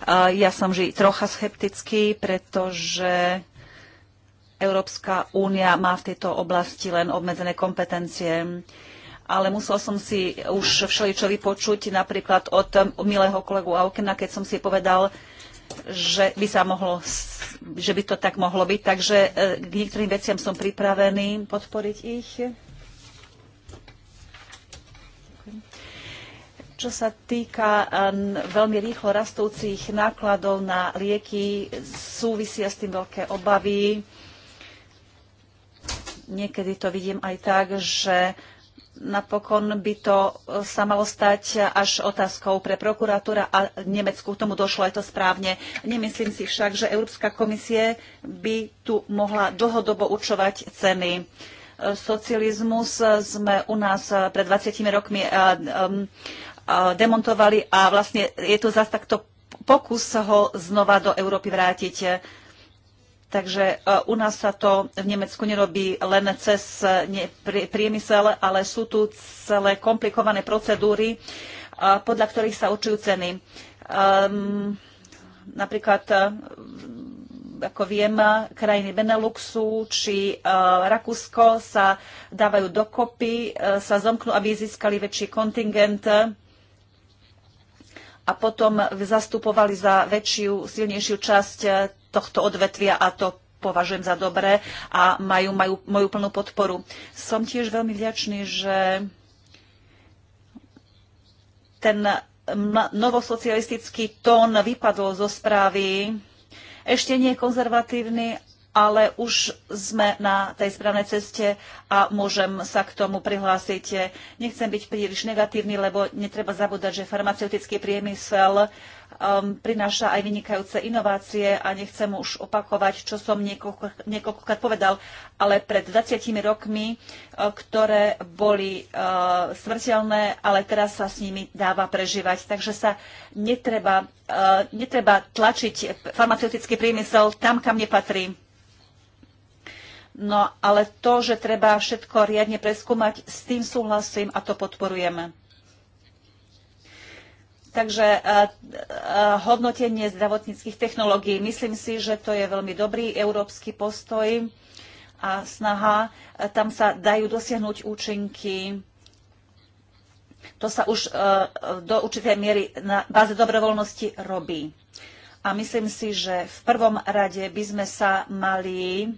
Ja som vždy trocha skeptický, pretože Európska únia má v tejto oblasti len obmedzené kompetencie. Ale musel som si už všeličo vypočuť, napríklad od milého kolegu Aukena, keď som si povedal, že by, sa mohlo, že by to tak mohlo byť. Takže e, k niektorým veciam som pripravený podporiť ich. Čo sa týka e, veľmi rýchlo rastúcich nákladov na lieky, súvisia s tým veľké obavy Niekedy to vidím aj tak, že napokon by to e, sa malo stať až otázkou pre prokuratúra a Nemecku K tomu došlo aj to správne. Nemyslím si však, že Európska komisie by tu mohla dlhodobo určovať ceny. E, socializmus sme u nás pred 20 rokmi e, demontovali a vlastne je to zase takto pokus ho znova do Európy vrátiť. Takže e, u nás sa to v Nemecku nerobí len cez e, priemysel, ale sú tu celé komplikované procedúry, e, podľa ktorých sa určujú ceny. Ehm, napríklad ako viem, krajiny Beneluxu či Rakúsko sa dávajú dokopy, sa zomknú, aby získali väčší kontingent a potom zastupovali za väčšiu, silnejšiu časť eh, tohto odvetvia a to považujem za dobré a majú, majú moju plnú podporu. Som tiež veľmi vďačný, že ten novosocialistický tón vypadol zo správy. Ešte nie konzervatívny, ale už sme na tej správnej ceste a môžem sa k tomu prihlásiť. Nechcem byť príliš negatívny, lebo netreba zabúdať, že farmaceutický priemysel um, prináša aj vynikajúce inovácie a nechcem už opakovať, čo som niekoľko, niekoľkokrát povedal, ale pred 20 rokmi, uh, ktoré boli uh, smrteľné, ale teraz sa s nimi dáva prežívať. Takže sa netreba, uh, netreba tlačiť farmaceutický priemysel tam, kam nepatrí. No ale to, že treba všetko riadne preskúmať, s tým súhlasím a to podporujeme. Takže e, e, hodnotenie zdravotníckých technológií. Myslím si, že to je veľmi dobrý európsky postoj a snaha. E, tam sa dajú dosiahnuť účinky. To sa už do určitej miery na báze dobrovoľnosti robí. A myslím si, že v prvom rade by sme sa mali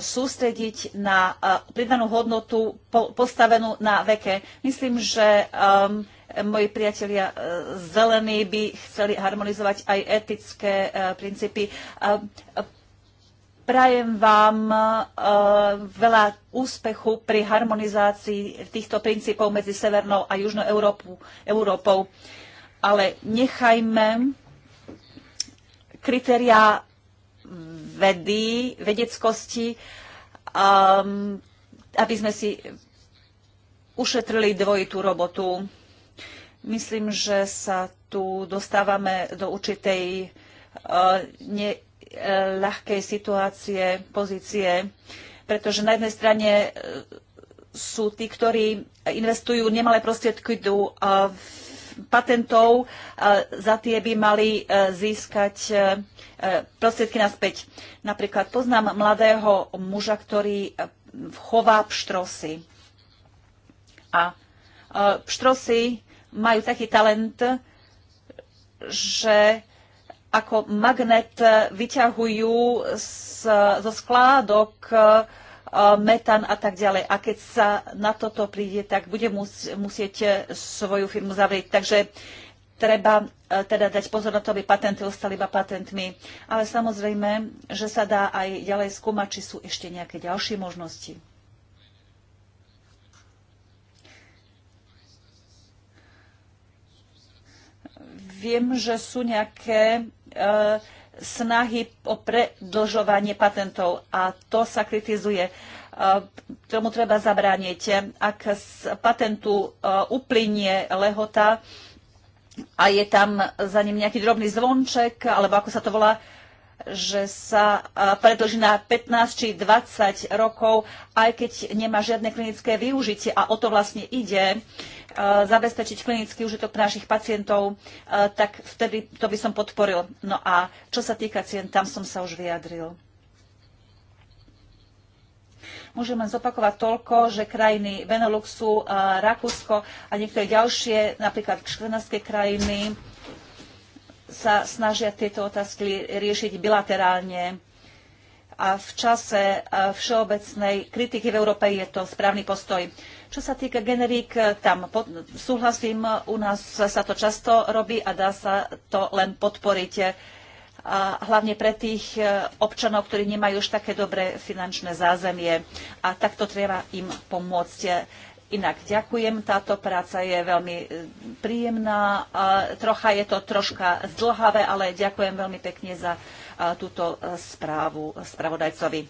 sústrediť na e, pridanú hodnotu postavenú na veke. Myslím, že moji priatelia e, zelení by chceli harmonizovať aj etické e, princípy. Prajem vám veľa úspechu pri harmonizácii týchto princípov medzi Severnou a Južnou Európou. Ale nechajme kritériá vedy, vedeckosti, um, aby sme si ušetrili dvojitú robotu. Myslím, že sa tu dostávame do určitej uh, ne, uh, ľahkej situácie, pozície, pretože na jednej strane uh, sú tí, ktorí investujú nemalé prostriedky do uh, patentov, uh, za tie by mali získať E, prostriedky naspäť. Napríklad poznám mladého muža, ktorý e, chová pštrosy. A e, pštrosy majú taký talent, že ako magnet vyťahujú z, zo skládok metan a tak ďalej. A keď sa na toto príde, tak bude musieť svoju firmu zavrieť. Takže treba e, teda dať pozor na to, aby patenty ostali iba patentmi. Ale samozrejme, že sa dá aj ďalej skúmať, či sú ešte nejaké ďalšie možnosti. Viem, že sú nejaké e, snahy o predlžovanie patentov a to sa kritizuje. E, tomu treba zabrániť. Ak z patentu uplynie lehota, a je tam za ním nejaký drobný zvonček, alebo ako sa to volá, že sa predlží na 15 či 20 rokov, aj keď nemá žiadne klinické využitie. A o to vlastne ide, zabezpečiť klinický užitok pre našich pacientov, tak vtedy to by som podporil. No a čo sa týka cien, tam som sa už vyjadril. Môžem len zopakovať toľko, že krajiny Beneluxu, eh, Rakúsko a niektoré ďalšie, napríklad škandinávské krajiny, sa snažia tieto otázky riešiť bilaterálne. A v čase eh, všeobecnej kritiky v Európe je to správny postoj. Čo sa týka generík, eh, tam pod, súhlasím, u nás sa to často robí a dá sa to len podporiť a hlavne pre tých e, občanov, ktorí nemajú už také dobré finančné zázemie. A takto treba im pomôcť. Inak ďakujem, táto práca je veľmi e, príjemná. Trocha je to troška zdlhavé, ale ďakujem veľmi pekne za túto e, správu spravodajcovi.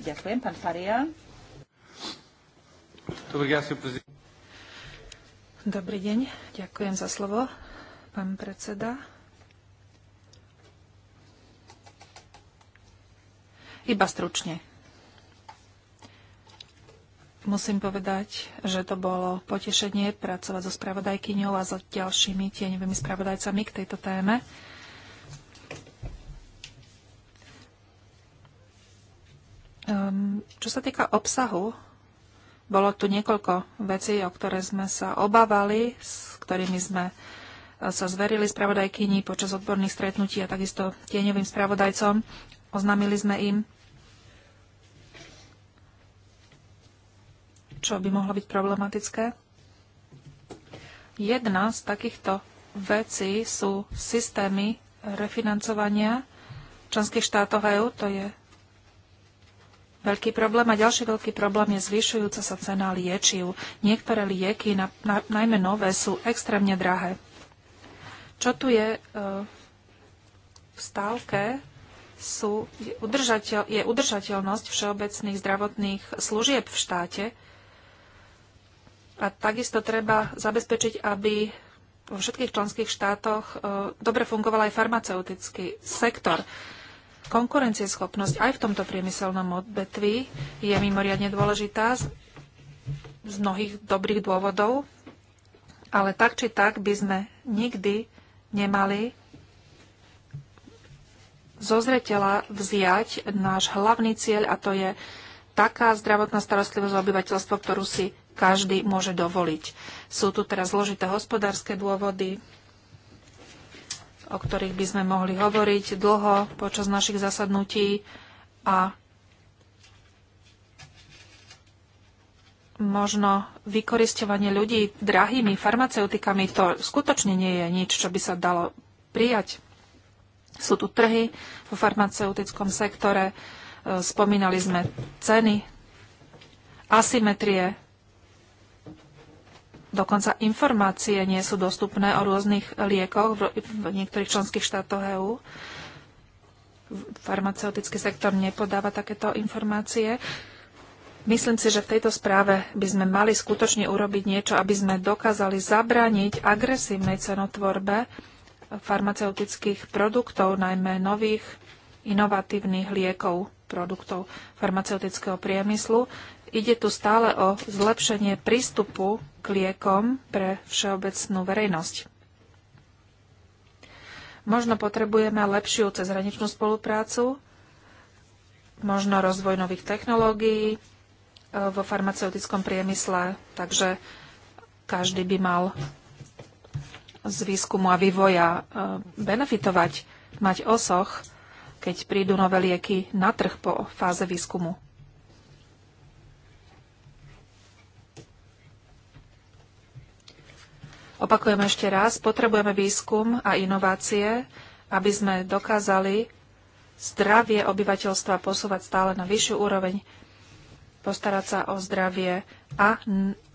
Ďakujem, pán Faria. Dobrý deň, ďakujem za slovo, pán predseda. Iba stručne. Musím povedať, že to bolo potešenie pracovať so spravodajkyňou a so ďalšími tieňovými spravodajcami k tejto téme. Um, čo sa týka obsahu, bolo tu niekoľko vecí, o ktoré sme sa obávali, s ktorými sme e, sa zverili spravodajkyni počas odborných stretnutí a takisto tieňovým spravodajcom. Oznámili sme im, čo by mohlo byť problematické. Jedna z takýchto vecí sú systémy refinancovania členských štátov EU, to je veľký problém. A ďalší veľký problém je zvyšujúca sa cena liečiv. Niektoré lieky, na, na, najmä nové, sú extrémne drahé. Čo tu je e, v stávke, sú, je, udržateľ, je udržateľnosť všeobecných zdravotných služieb v štáte, a takisto treba zabezpečiť, aby vo všetkých členských štátoch e, dobre fungoval aj farmaceutický sektor. Konkurencieschopnosť aj v tomto priemyselnom odbetví je mimoriadne dôležitá z mnohých dobrých dôvodov, ale tak či tak by sme nikdy nemali zo zretela vziať náš hlavný cieľ a to je taká zdravotná starostlivosť obyvateľstva, ktorú si každý môže dovoliť. Sú tu teraz zložité hospodárske dôvody, o ktorých by sme mohli hovoriť dlho počas našich zasadnutí a možno vykoristovanie ľudí drahými farmaceutikami, to skutočne nie je nič, čo by sa dalo prijať. Sú tu trhy vo farmaceutickom sektore, e, spomínali sme ceny, asymetrie Dokonca informácie nie sú dostupné o rôznych liekoch v niektorých členských štátoch EÚ. Farmaceutický sektor nepodáva takéto informácie. Myslím si, že v tejto správe by sme mali skutočne urobiť niečo, aby sme dokázali zabrániť agresívnej cenotvorbe farmaceutických produktov, najmä nových inovatívnych liekov produktov farmaceutického priemyslu. Ide tu stále o zlepšenie prístupu k liekom pre všeobecnú verejnosť. Možno potrebujeme lepšiu cezhraničnú spoluprácu, možno rozvoj nových technológií e, vo farmaceutickom priemysle, takže každý by mal z výskumu a vývoja e, benefitovať, mať osoch, keď prídu nové lieky na trh po fáze výskumu. Opakujem ešte raz, potrebujeme výskum a inovácie, aby sme dokázali zdravie obyvateľstva posúvať stále na vyššiu úroveň, postarať sa o zdravie a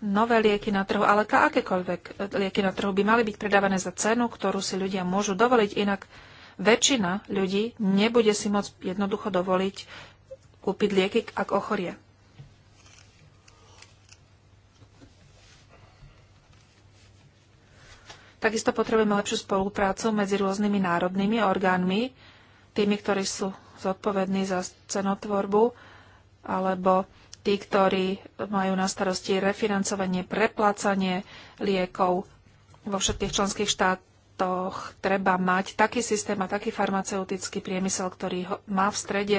nové lieky na trhu, ale akékoľvek e, lieky na trhu by mali byť predávané za cenu, ktorú si ľudia môžu dovoliť, inak väčšina ľudí nebude si môcť jednoducho dovoliť kúpiť lieky, ak ochorie. Takisto potrebujeme lepšiu spoluprácu medzi rôznymi národnými orgánmi, tými, ktorí sú zodpovední za cenotvorbu, alebo tí, ktorí majú na starosti refinancovanie, preplácanie liekov vo všetkých členských štátoch treba mať taký systém a taký farmaceutický priemysel, ktorý má v strede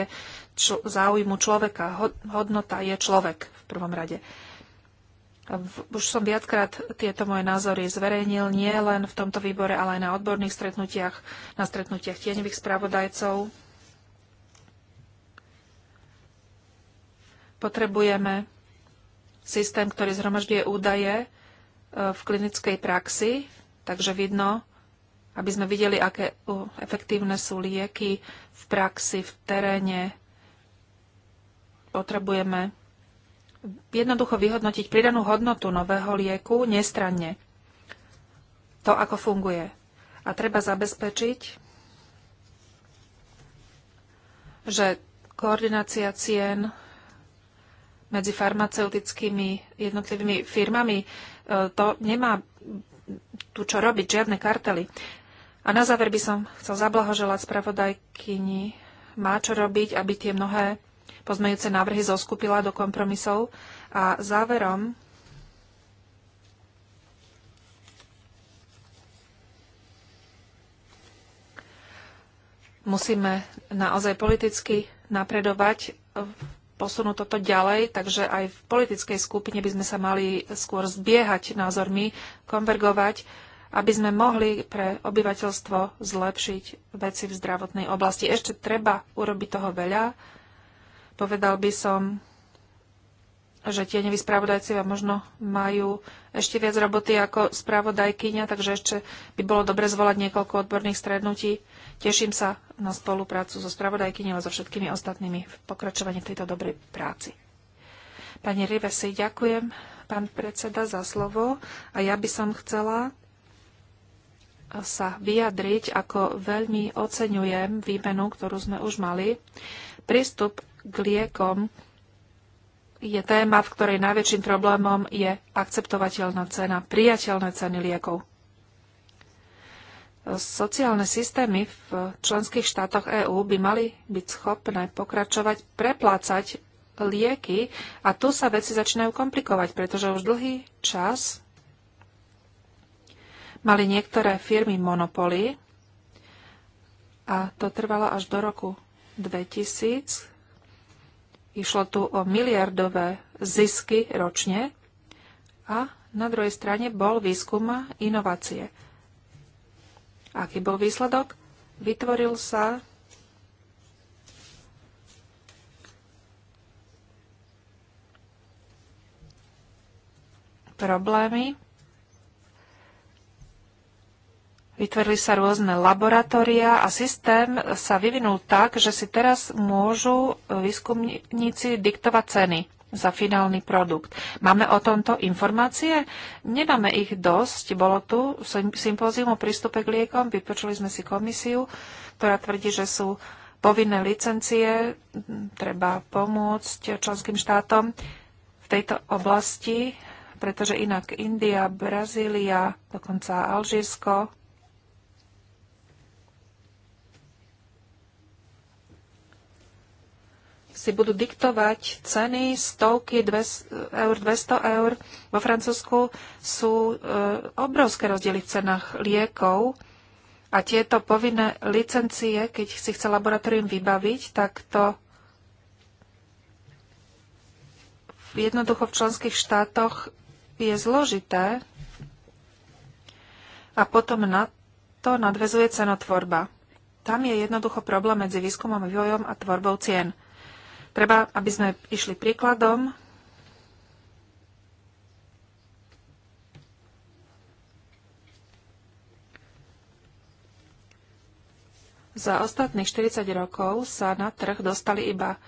záujmu človeka. Hodnota je človek v prvom rade. Už som viackrát tieto moje názory zverejnil, nie len v tomto výbore, ale aj na odborných stretnutiach, na stretnutiach tieňových spravodajcov. Potrebujeme systém, ktorý zhromažďuje údaje e, v klinickej praxi, takže vidno, aby sme videli, aké efektívne sú lieky v praxi, v teréne. Potrebujeme jednoducho vyhodnotiť pridanú hodnotu nového lieku nestranne. To, ako funguje. A treba zabezpečiť, že koordinácia cien medzi farmaceutickými jednotlivými firmami, e, to nemá tu čo robiť, žiadne kartely. A na záver by som chcel zablahoželať spravodajkyni, má čo robiť, aby tie mnohé pozmejúce návrhy zoskupila do kompromisov. A záverom musíme naozaj politicky napredovať, posunúť toto ďalej, takže aj v politickej skupine by sme sa mali skôr zbiehať názormi, konvergovať, aby sme mohli pre obyvateľstvo zlepšiť veci v zdravotnej oblasti. Ešte treba urobiť toho veľa, Povedal by som, že tie nevyspravodajcovia možno majú ešte viac roboty ako spravodajkyňa, takže ešte by bolo dobre zvolať niekoľko odborných strednutí. Teším sa na spoluprácu so spravodajkyňou a so všetkými ostatnými v pokračovaní v tejto dobrej práci. Pani Rivesi, ďakujem, pán predseda, za slovo. A ja by som chcela sa vyjadriť, ako veľmi oceňujem výmenu, ktorú sme už mali. Prístup k liekom je téma, v ktorej najväčším problémom je akceptovateľná cena, priateľné ceny liekov. Sociálne systémy v členských štátoch EÚ by mali byť schopné pokračovať preplácať lieky a tu sa veci začínajú komplikovať, pretože už dlhý čas mali niektoré firmy monopoly a to trvalo až do roku 2000, Išlo tu o miliardové zisky ročne a na druhej strane bol výskum a inovácie. Aký bol výsledok? Vytvoril sa problémy Vytvorili sa rôzne laboratória a systém sa vyvinul tak, že si teraz môžu výskumníci diktovať ceny za finálny produkt. Máme o tomto informácie? Nemáme ich dosť. Bolo tu sympózium o prístupe k liekom, vypočuli sme si komisiu, ktorá tvrdí, že sú povinné licencie, treba pomôcť členským štátom v tejto oblasti, pretože inak India, Brazília, dokonca Alžírsko si budú diktovať ceny stovky eur, 200 eur. Vo Francúzsku sú e, obrovské rozdiely v cenách liekov a tieto povinné licencie, keď si chce laboratórium vybaviť, tak to jednoducho v členských štátoch je zložité a potom na to nadvezuje cenotvorba. Tam je jednoducho problém medzi výskumom, a vývojom a tvorbou cien. Treba, aby sme išli príkladom. Za ostatných 40 rokov sa na trh dostali iba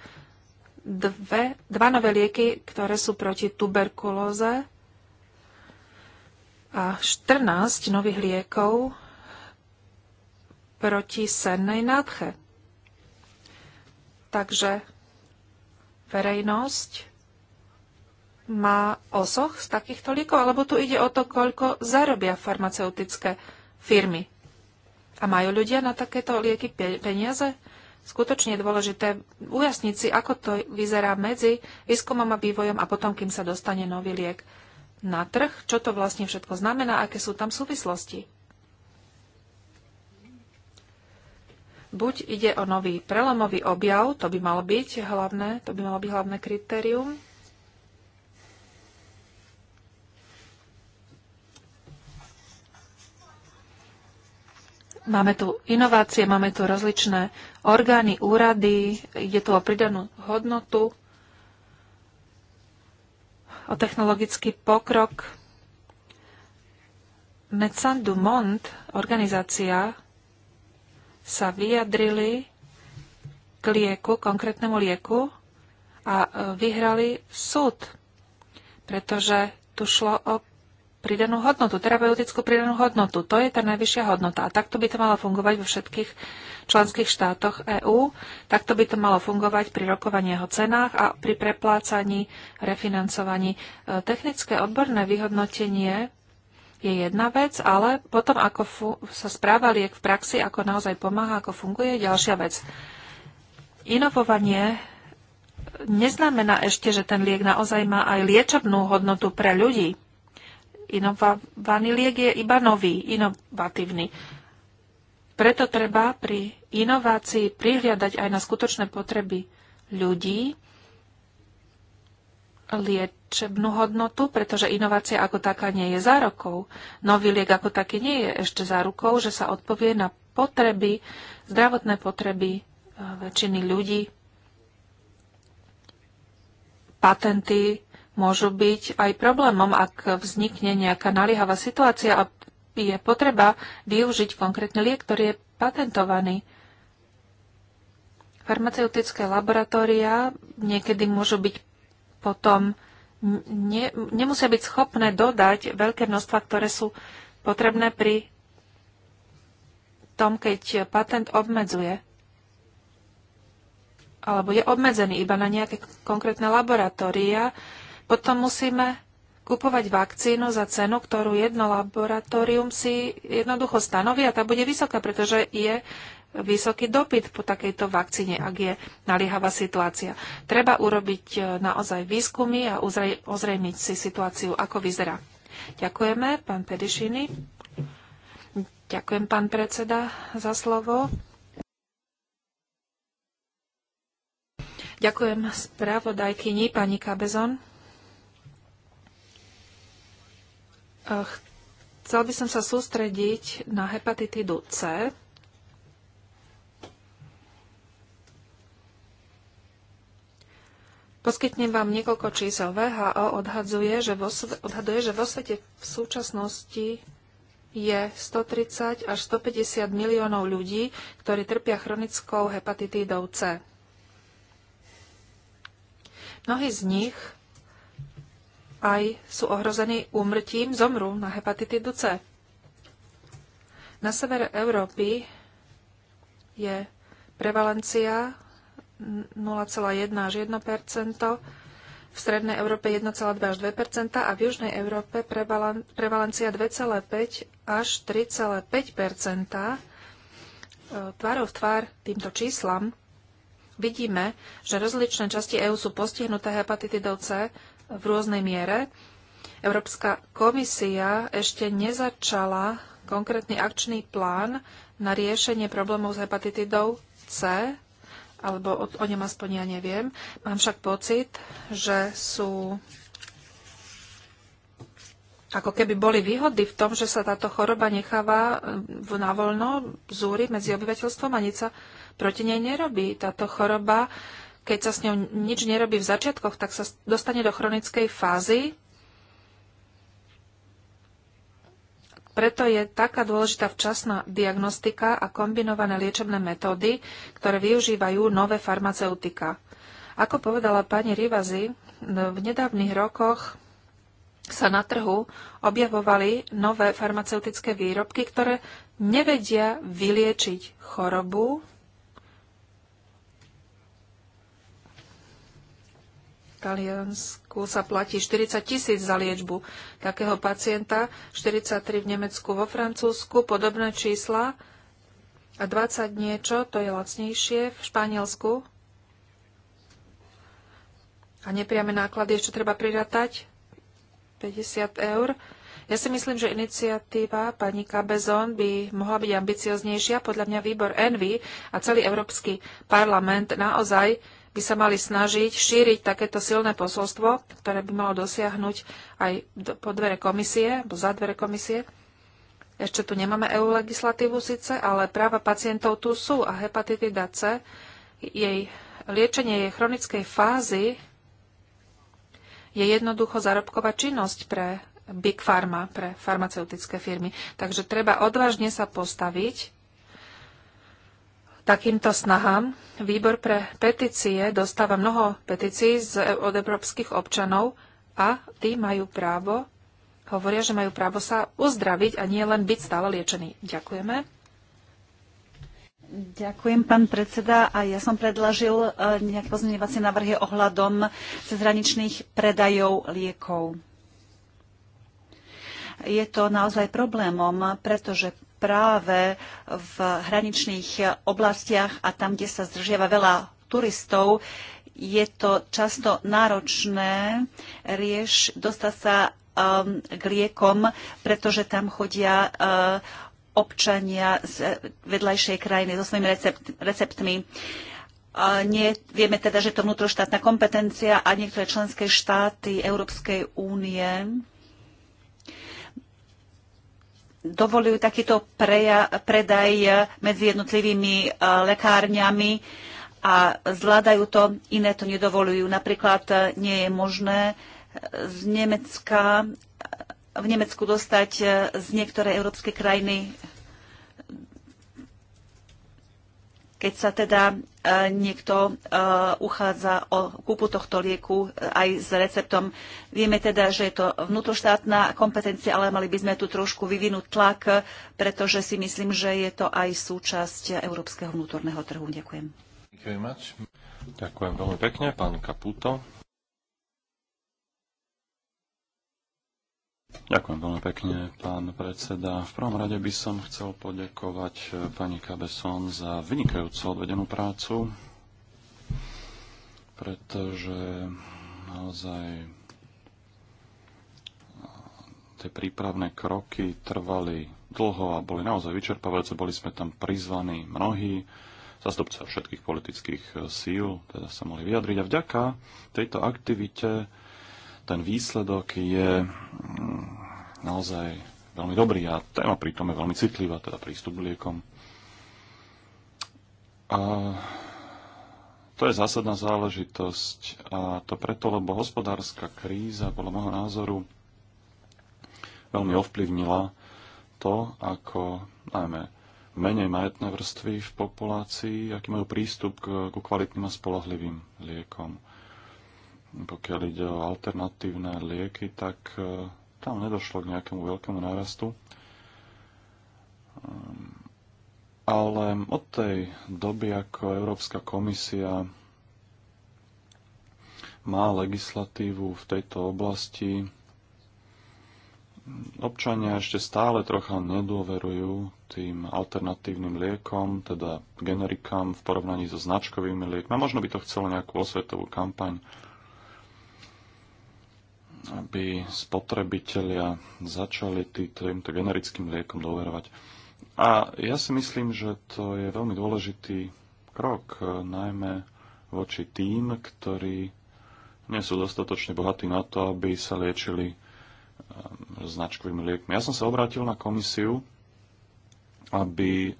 dve, dva nové lieky, ktoré sú proti tuberkulóze a 14 nových liekov proti sennej nádche. Takže verejnosť má osoch z takýchto liekov, alebo tu ide o to, koľko zarobia farmaceutické firmy. A majú ľudia na takéto lieky peniaze? Skutočne je dôležité ujasniť si, ako to vyzerá medzi výskumom a vývojom a potom, kým sa dostane nový liek na trh, čo to vlastne všetko znamená, aké sú tam súvislosti. Buď ide o nový prelomový objav, to by malo byť hlavné, to by malo byť hlavné kritérium, Máme tu inovácie, máme tu rozličné orgány, úrady, ide tu o pridanú hodnotu, o technologický pokrok. Médecins du Monde, organizácia, sa vyjadrili k lieku, konkrétnemu lieku a e, vyhrali súd, pretože tu šlo o pridanú hodnotu, terapeutickú pridanú hodnotu. To je tá najvyššia hodnota. A takto by to malo fungovať vo všetkých členských štátoch EÚ. Takto by to malo fungovať pri rokovaní o cenách a pri preplácaní, refinancovaní. E, technické odborné vyhodnotenie je jedna vec, ale potom, ako sa správa liek v praxi, ako naozaj pomáha, ako funguje, je ďalšia vec. Inovovanie neznamená ešte, že ten liek naozaj má aj liečebnú hodnotu pre ľudí. Inovovaný liek je iba nový, inovatívny. Preto treba pri inovácii prihliadať aj na skutočné potreby ľudí, liečebnú hodnotu, pretože inovácia ako taká nie je zárokou. Nový liek ako taký nie je ešte zárukou, že sa odpovie na potreby, zdravotné potreby e, väčšiny ľudí. Patenty môžu byť aj problémom, ak vznikne nejaká naliehavá situácia a je potreba využiť konkrétny liek, ktorý je patentovaný. Farmaceutické laboratória niekedy môžu byť potom ne, nemusia byť schopné dodať veľké množstva, ktoré sú potrebné pri tom, keď patent obmedzuje alebo je obmedzený iba na nejaké konkrétne laboratória, potom musíme kupovať vakcínu za cenu, ktorú jedno laboratórium si jednoducho stanoví a tá bude vysoká, pretože je vysoký dopyt po takejto vakcíne, ak je naliehavá situácia. Treba urobiť e, naozaj výskumy a ozrejmiť si situáciu, ako vyzerá. Ďakujeme, pán Pedišiny. Ďakujem, pán predseda, za slovo. Ďakujem spravodajkyni pani Kabezon. E, chcel by som sa sústrediť na hepatitidu C, Poskytnem vám niekoľko čísel. VHO odhaduje, že vo, odhaduje, že vo svete v súčasnosti je 130 až 150 miliónov ľudí, ktorí trpia chronickou hepatitídou C. Mnohí z nich aj sú ohrození úmrtím, zomru na hepatitídu C. Na severe Európy je prevalencia 0,1 až 1 v Strednej Európe 1,2 až 2 a v Južnej Európe prevalencia 2,5 až 3,5 e, Tvárov tvár týmto číslam vidíme, že rozličné časti EÚ sú postihnuté hepatitidou C v rôznej miere. Európska komisia ešte nezačala konkrétny akčný plán na riešenie problémov s hepatitidou C alebo o, o ňom aspoň ja neviem. Mám však pocit, že sú ako keby boli výhody v tom, že sa táto choroba necháva mm, na voľno zúri medzi obyvateľstvom a nič sa proti nej nerobí. Táto choroba, keď sa s ňou nič nerobí v začiatkoch, tak sa dostane do chronickej fázy Preto je taká dôležitá včasná diagnostika a kombinované liečebné metódy, ktoré využívajú nové farmaceutika. Ako povedala pani Rivazi, v nedávnych rokoch sa na trhu objavovali nové farmaceutické výrobky, ktoré nevedia vyliečiť chorobu, Taliansku sa platí 40 tisíc za liečbu takého pacienta, 43 v Nemecku, vo Francúzsku, podobné čísla a 20 niečo, to je lacnejšie, v Španielsku. A nepriame náklady ešte treba priratať, 50 eur. Ja si myslím, že iniciatíva pani Kabezon by mohla byť ambicioznejšia. Podľa mňa výbor Envy a celý Európsky parlament naozaj by sa mali snažiť šíriť takéto silné posolstvo, ktoré by malo dosiahnuť aj po dvere komisie, alebo za dvere komisie. Ešte tu nemáme EU legislatívu síce, ale práva pacientov tu sú a hepatitida C, jej liečenie jej chronickej fázy je jednoducho zárobková činnosť pre Big Pharma, pre farmaceutické firmy. Takže treba odvážne sa postaviť takýmto snahám. Výbor pre petície dostáva mnoho petícií z, od európskych občanov a tí majú právo, hovoria, že majú právo sa uzdraviť a nie len byť stále liečený. Ďakujeme. Ďakujem, pán predseda. A ja som predlažil e, nejaké pozmeňovacie návrhy ohľadom cezhraničných predajov liekov. Je to naozaj problémom, pretože práve v hraničných oblastiach a tam, kde sa zdržiava veľa turistov, je to často náročné rieš dostať sa um, k liekom, pretože tam chodia uh, občania z vedľajšej krajiny so svojimi recept, receptmi. A nie, vieme teda, že to vnútroštátna kompetencia a niektoré členské štáty Európskej únie dovolujú takýto preja, predaj medzi jednotlivými e, lekárňami a zvládajú to, iné to nedovolujú. Napríklad e, nie je možné e, z Nemecka, v Nemecku dostať z niektoré európske krajiny Keď sa teda e, niekto e, uchádza o kúpu tohto lieku e, aj s receptom, vieme teda, že je to vnútroštátna kompetencia, ale mali by sme tu trošku vyvinúť tlak, pretože si myslím, že je to aj súčasť európskeho vnútorného trhu. Ďakujem. Ďakujem veľmi pekne, pán Kaputo. Ďakujem veľmi pekne, pán predseda. V prvom rade by som chcel poďakovať e, pani Kabeson za vynikajúco odvedenú prácu, pretože naozaj e, tie prípravné kroky trvali dlho a boli naozaj vyčerpávajúce. Boli sme tam prizvaní mnohí zastupcov všetkých politických e, síl, teda sa mohli vyjadriť. A vďaka tejto aktivite ten výsledok je mm, naozaj veľmi dobrý a téma pritom je veľmi citlivá, teda prístup k liekom. A to je zásadná záležitosť a to preto, lebo hospodárska kríza podľa môjho názoru veľmi ovplyvnila to, ako najmä menej majetné vrstvy v populácii, aký majú prístup k, k kvalitným a spolahlivým liekom pokiaľ ide o alternatívne lieky, tak e, tam nedošlo k nejakému veľkému nárastu. Ehm, ale od tej doby, ako Európska komisia má legislatívu v tejto oblasti, občania ešte stále trocha nedôverujú tým alternatívnym liekom, teda generikám v porovnaní so značkovými liekmi. A možno by to chcelo nejakú osvetovú kampaň, aby spotrebitelia začali týmto generickým liekom dôverovať. A ja si myslím, že to je veľmi dôležitý krok, najmä voči tým, ktorí nie sú dostatočne bohatí na to, aby sa liečili um, značkovými liekmi. Ja som sa obrátil na komisiu, aby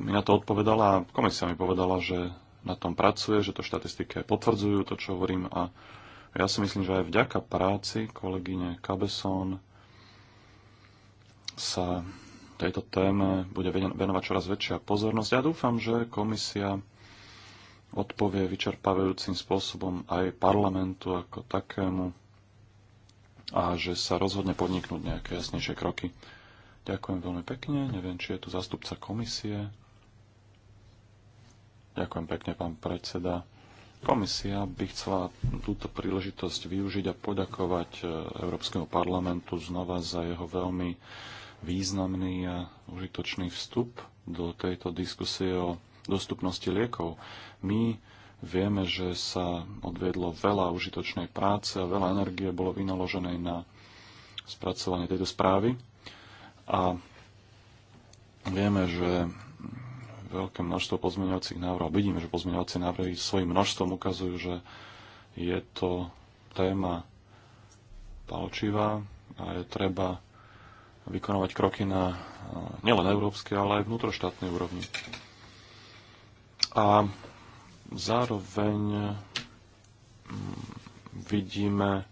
mi na to odpovedala. Komisia mi povedala, že na tom pracuje, že to štatistiky potvrdzujú, to, čo hovorím, a ja si myslím, že aj vďaka práci kolegyne Cabesón sa tejto téme bude venovať čoraz väčšia pozornosť. Ja dúfam, že komisia odpovie vyčerpávajúcim spôsobom aj parlamentu ako takému a že sa rozhodne podniknúť nejaké jasnejšie kroky. Ďakujem veľmi pekne. Neviem, či je tu zastupca komisie. Ďakujem pekne, pán predseda. Komisia by chcela túto príležitosť využiť a poďakovať e, Európskemu parlamentu znova za jeho veľmi významný a užitočný vstup do tejto diskusie o dostupnosti liekov. My vieme, že sa odviedlo veľa užitočnej práce a veľa energie bolo vynaložené na spracovanie tejto správy. A vieme, že veľké množstvo pozmeňovacích návrhov. Vidíme, že pozmeňovacie návrhy svojim množstvom ukazujú, že je to téma palčivá a je treba vykonovať kroky na eh, nielen európskej, ale aj vnútroštátnej úrovni. A zároveň hm, vidíme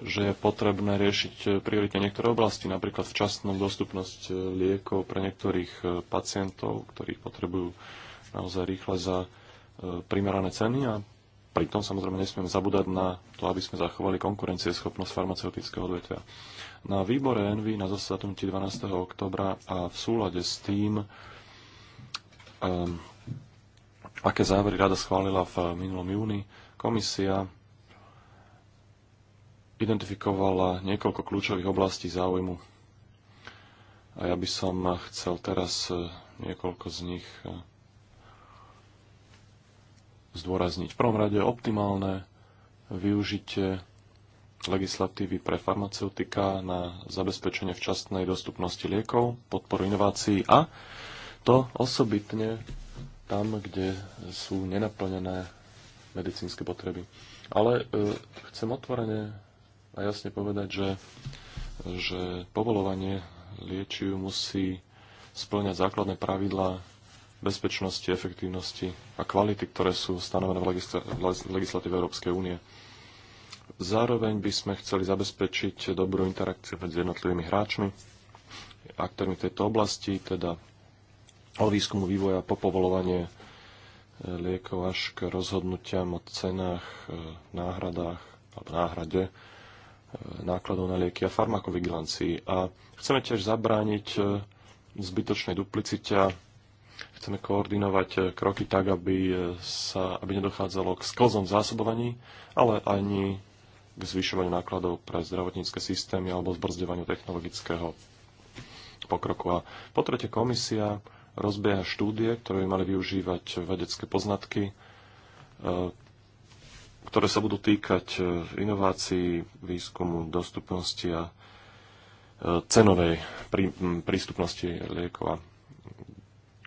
že je potrebné riešiť eh, prioritne niektoré oblasti, napríklad včasnú dostupnosť eh, liekov pre niektorých eh, pacientov, ktorí potrebujú naozaj rýchle za primerané ceny a pritom samozrejme nesmieme zabúdať na to, aby sme zachovali konkurencieschopnosť farmaceutického odvetvia. Na výbore Envy na zasadnutí 12. oktobra a v súlade s tým, um, aké závery rada schválila v minulom júni, komisia identifikovala niekoľko kľúčových oblastí záujmu. A ja by som chcel teraz e, niekoľko z nich e, zdôrazniť. V prvom rade optimálne využitie legislatívy pre farmaceutika na zabezpečenie včasnej dostupnosti liekov, podporu inovácií a to osobitne tam, kde sú nenaplnené medicínske potreby. Ale e, chcem otvorene a jasne povedať, že, že povolovanie liečiu musí splňať základné pravidlá bezpečnosti, efektívnosti a kvality, ktoré sú stanovené v legislatíve Európskej únie. Zároveň by sme chceli zabezpečiť dobrú interakciu medzi jednotlivými hráčmi, aktérmi v tejto oblasti, teda o výskumu vývoja po povolovanie e, liekov až k rozhodnutiam o cenách, e, náhradách alebo náhrade nákladov na lieky a farmakovigilancii. A chceme tiež zabrániť e, zbytočnej duplicite chceme koordinovať e, kroky tak, aby, e, sa, aby nedochádzalo k sklzom v zásobovaní, ale ani k zvyšovaniu nákladov pre zdravotnícke systémy alebo zbrzdevaniu technologického pokroku. A po tretie, komisia rozbieha štúdie, ktoré by mali využívať vedecké poznatky ktoré sa budú týkať e, inovácií, výskumu, dostupnosti a e, cenovej prístupnosti liekov.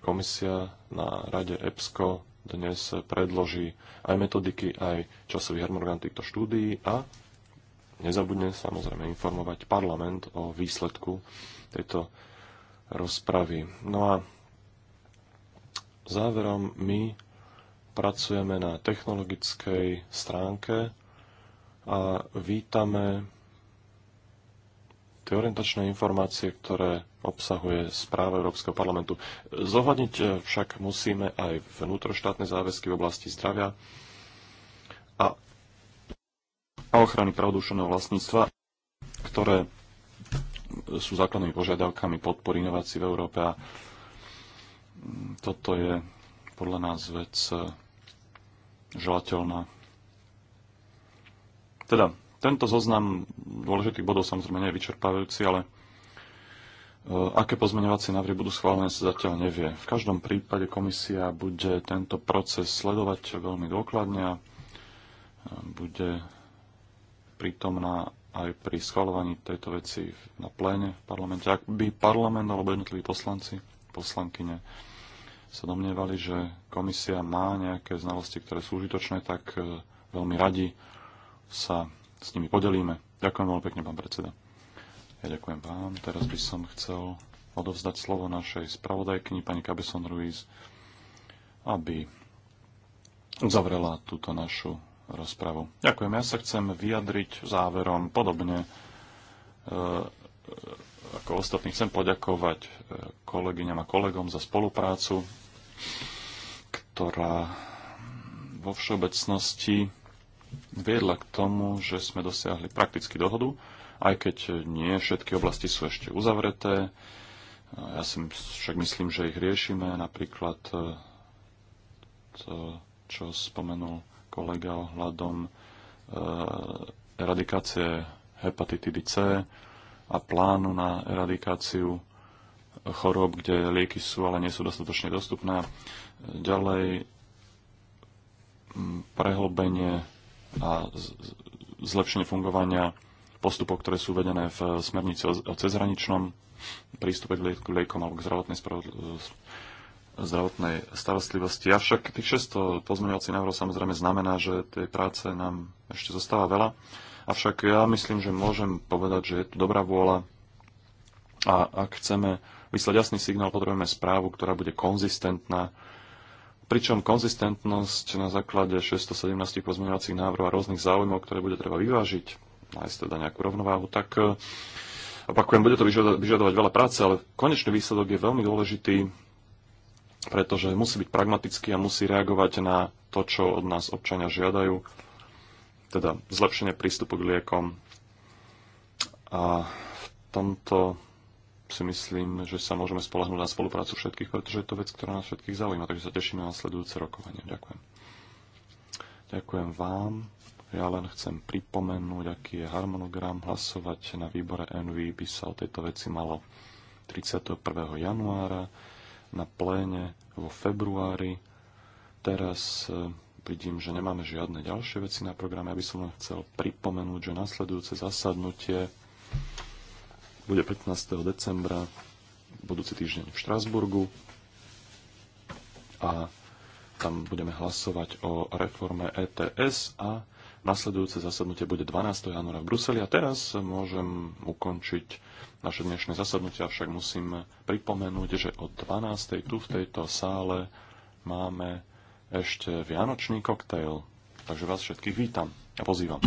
Komisia na rade EPSCO dnes predloží aj metodiky, aj časový harmonogram týchto štúdií a nezabudne samozrejme informovať parlament o výsledku tejto rozpravy. No a záverom my pracujeme na technologickej stránke a vítame tie orientačné informácie, ktoré obsahuje správa Európskeho parlamentu. Zohľadniť eh, však musíme aj vnútroštátne záväzky v oblasti zdravia a ochrany pravdušeného vlastníctva, ktoré sú základnými požiadavkami podpory inovácií v Európe a toto je podľa nás vec eh, želateľná. Teda, tento zoznam dôležitých bodov samozrejme nie je vyčerpávajúci, ale e, Aké pozmeňovacie návrhy budú schválené, sa zatiaľ nevie. V každom prípade komisia bude tento proces sledovať veľmi dôkladne a e, bude prítomná aj pri schvalovaní tejto veci na pléne v parlamente. Ak by parlament alebo jednotliví poslanci, poslankyne sa domnievali, že komisia má nejaké znalosti, ktoré sú užitočné, tak e, veľmi radi sa s nimi podelíme. Ďakujem veľmi pekne, pán predseda. Ja ďakujem vám. Teraz by som chcel odovzdať slovo našej spravodajkyni, pani Kabeson Ruiz, aby uzavrela túto našu rozpravu. Ďakujem. Ja sa chcem vyjadriť záverom podobne e, ako ostatní chcem poďakovať e, kolegyňam a kolegom za spoluprácu, ktorá vo všeobecnosti viedla k tomu, že sme dosiahli prakticky dohodu, aj keď nie všetky oblasti sú ešte uzavreté. E, ja si však myslím, že ich riešime. Napríklad e, to, čo spomenul kolega ohľadom eradikácie hepatitidy C, a plánu na eradikáciu chorób, kde lieky sú, ale nie sú dostatočne dostupné. Ďalej mm, prehlbenie a zlepšenie fungovania postupov, ktoré sú vedené v smernici o cezhraničnom prístupe k liekom alebo k zdravotnej, zdravotnej starostlivosti. Avšak tých 600 pozmeňovacích návrhov samozrejme znamená, že tej práce nám ešte zostáva veľa. Avšak ja myslím, že môžem povedať, že je tu dobrá vôľa a ak chceme vyslať jasný signál, potrebujeme správu, ktorá bude konzistentná, pričom konzistentnosť na základe 617 pozmeňovacích návrhov a rôznych záujmov, ktoré bude treba vyvážiť, nájsť teda nejakú rovnováhu, tak eh, opakujem, bude to vyžadovať veľa práce, ale konečný výsledok je veľmi dôležitý, pretože musí byť pragmatický a musí reagovať na to, čo od nás občania žiadajú teda zlepšenie prístupu k liekom. A v tomto si myslím, že sa môžeme spolahnúť na spoluprácu všetkých, pretože je to vec, ktorá nás všetkých zaujíma, takže sa tešíme na sledujúce rokovanie. Ďakujem. Ďakujem vám. Ja len chcem pripomenúť, aký je harmonogram hlasovať na výbore NV by sa o tejto veci malo 31. januára, na pléne vo februári. Teraz eh, vidím, že nemáme žiadne ďalšie veci na programe. Ja by som len chcel pripomenúť, že nasledujúce zasadnutie bude 15. decembra, budúci týždeň v Štrásburgu a tam budeme hlasovať o reforme ETS a nasledujúce zasadnutie bude 12. januára v Bruseli. A teraz môžem ukončiť naše dnešné zasadnutie, avšak musím pripomenúť, že o 12. tu v tejto sále máme ešte vianočný koktail. Takže vás všetkých vítam a pozývam.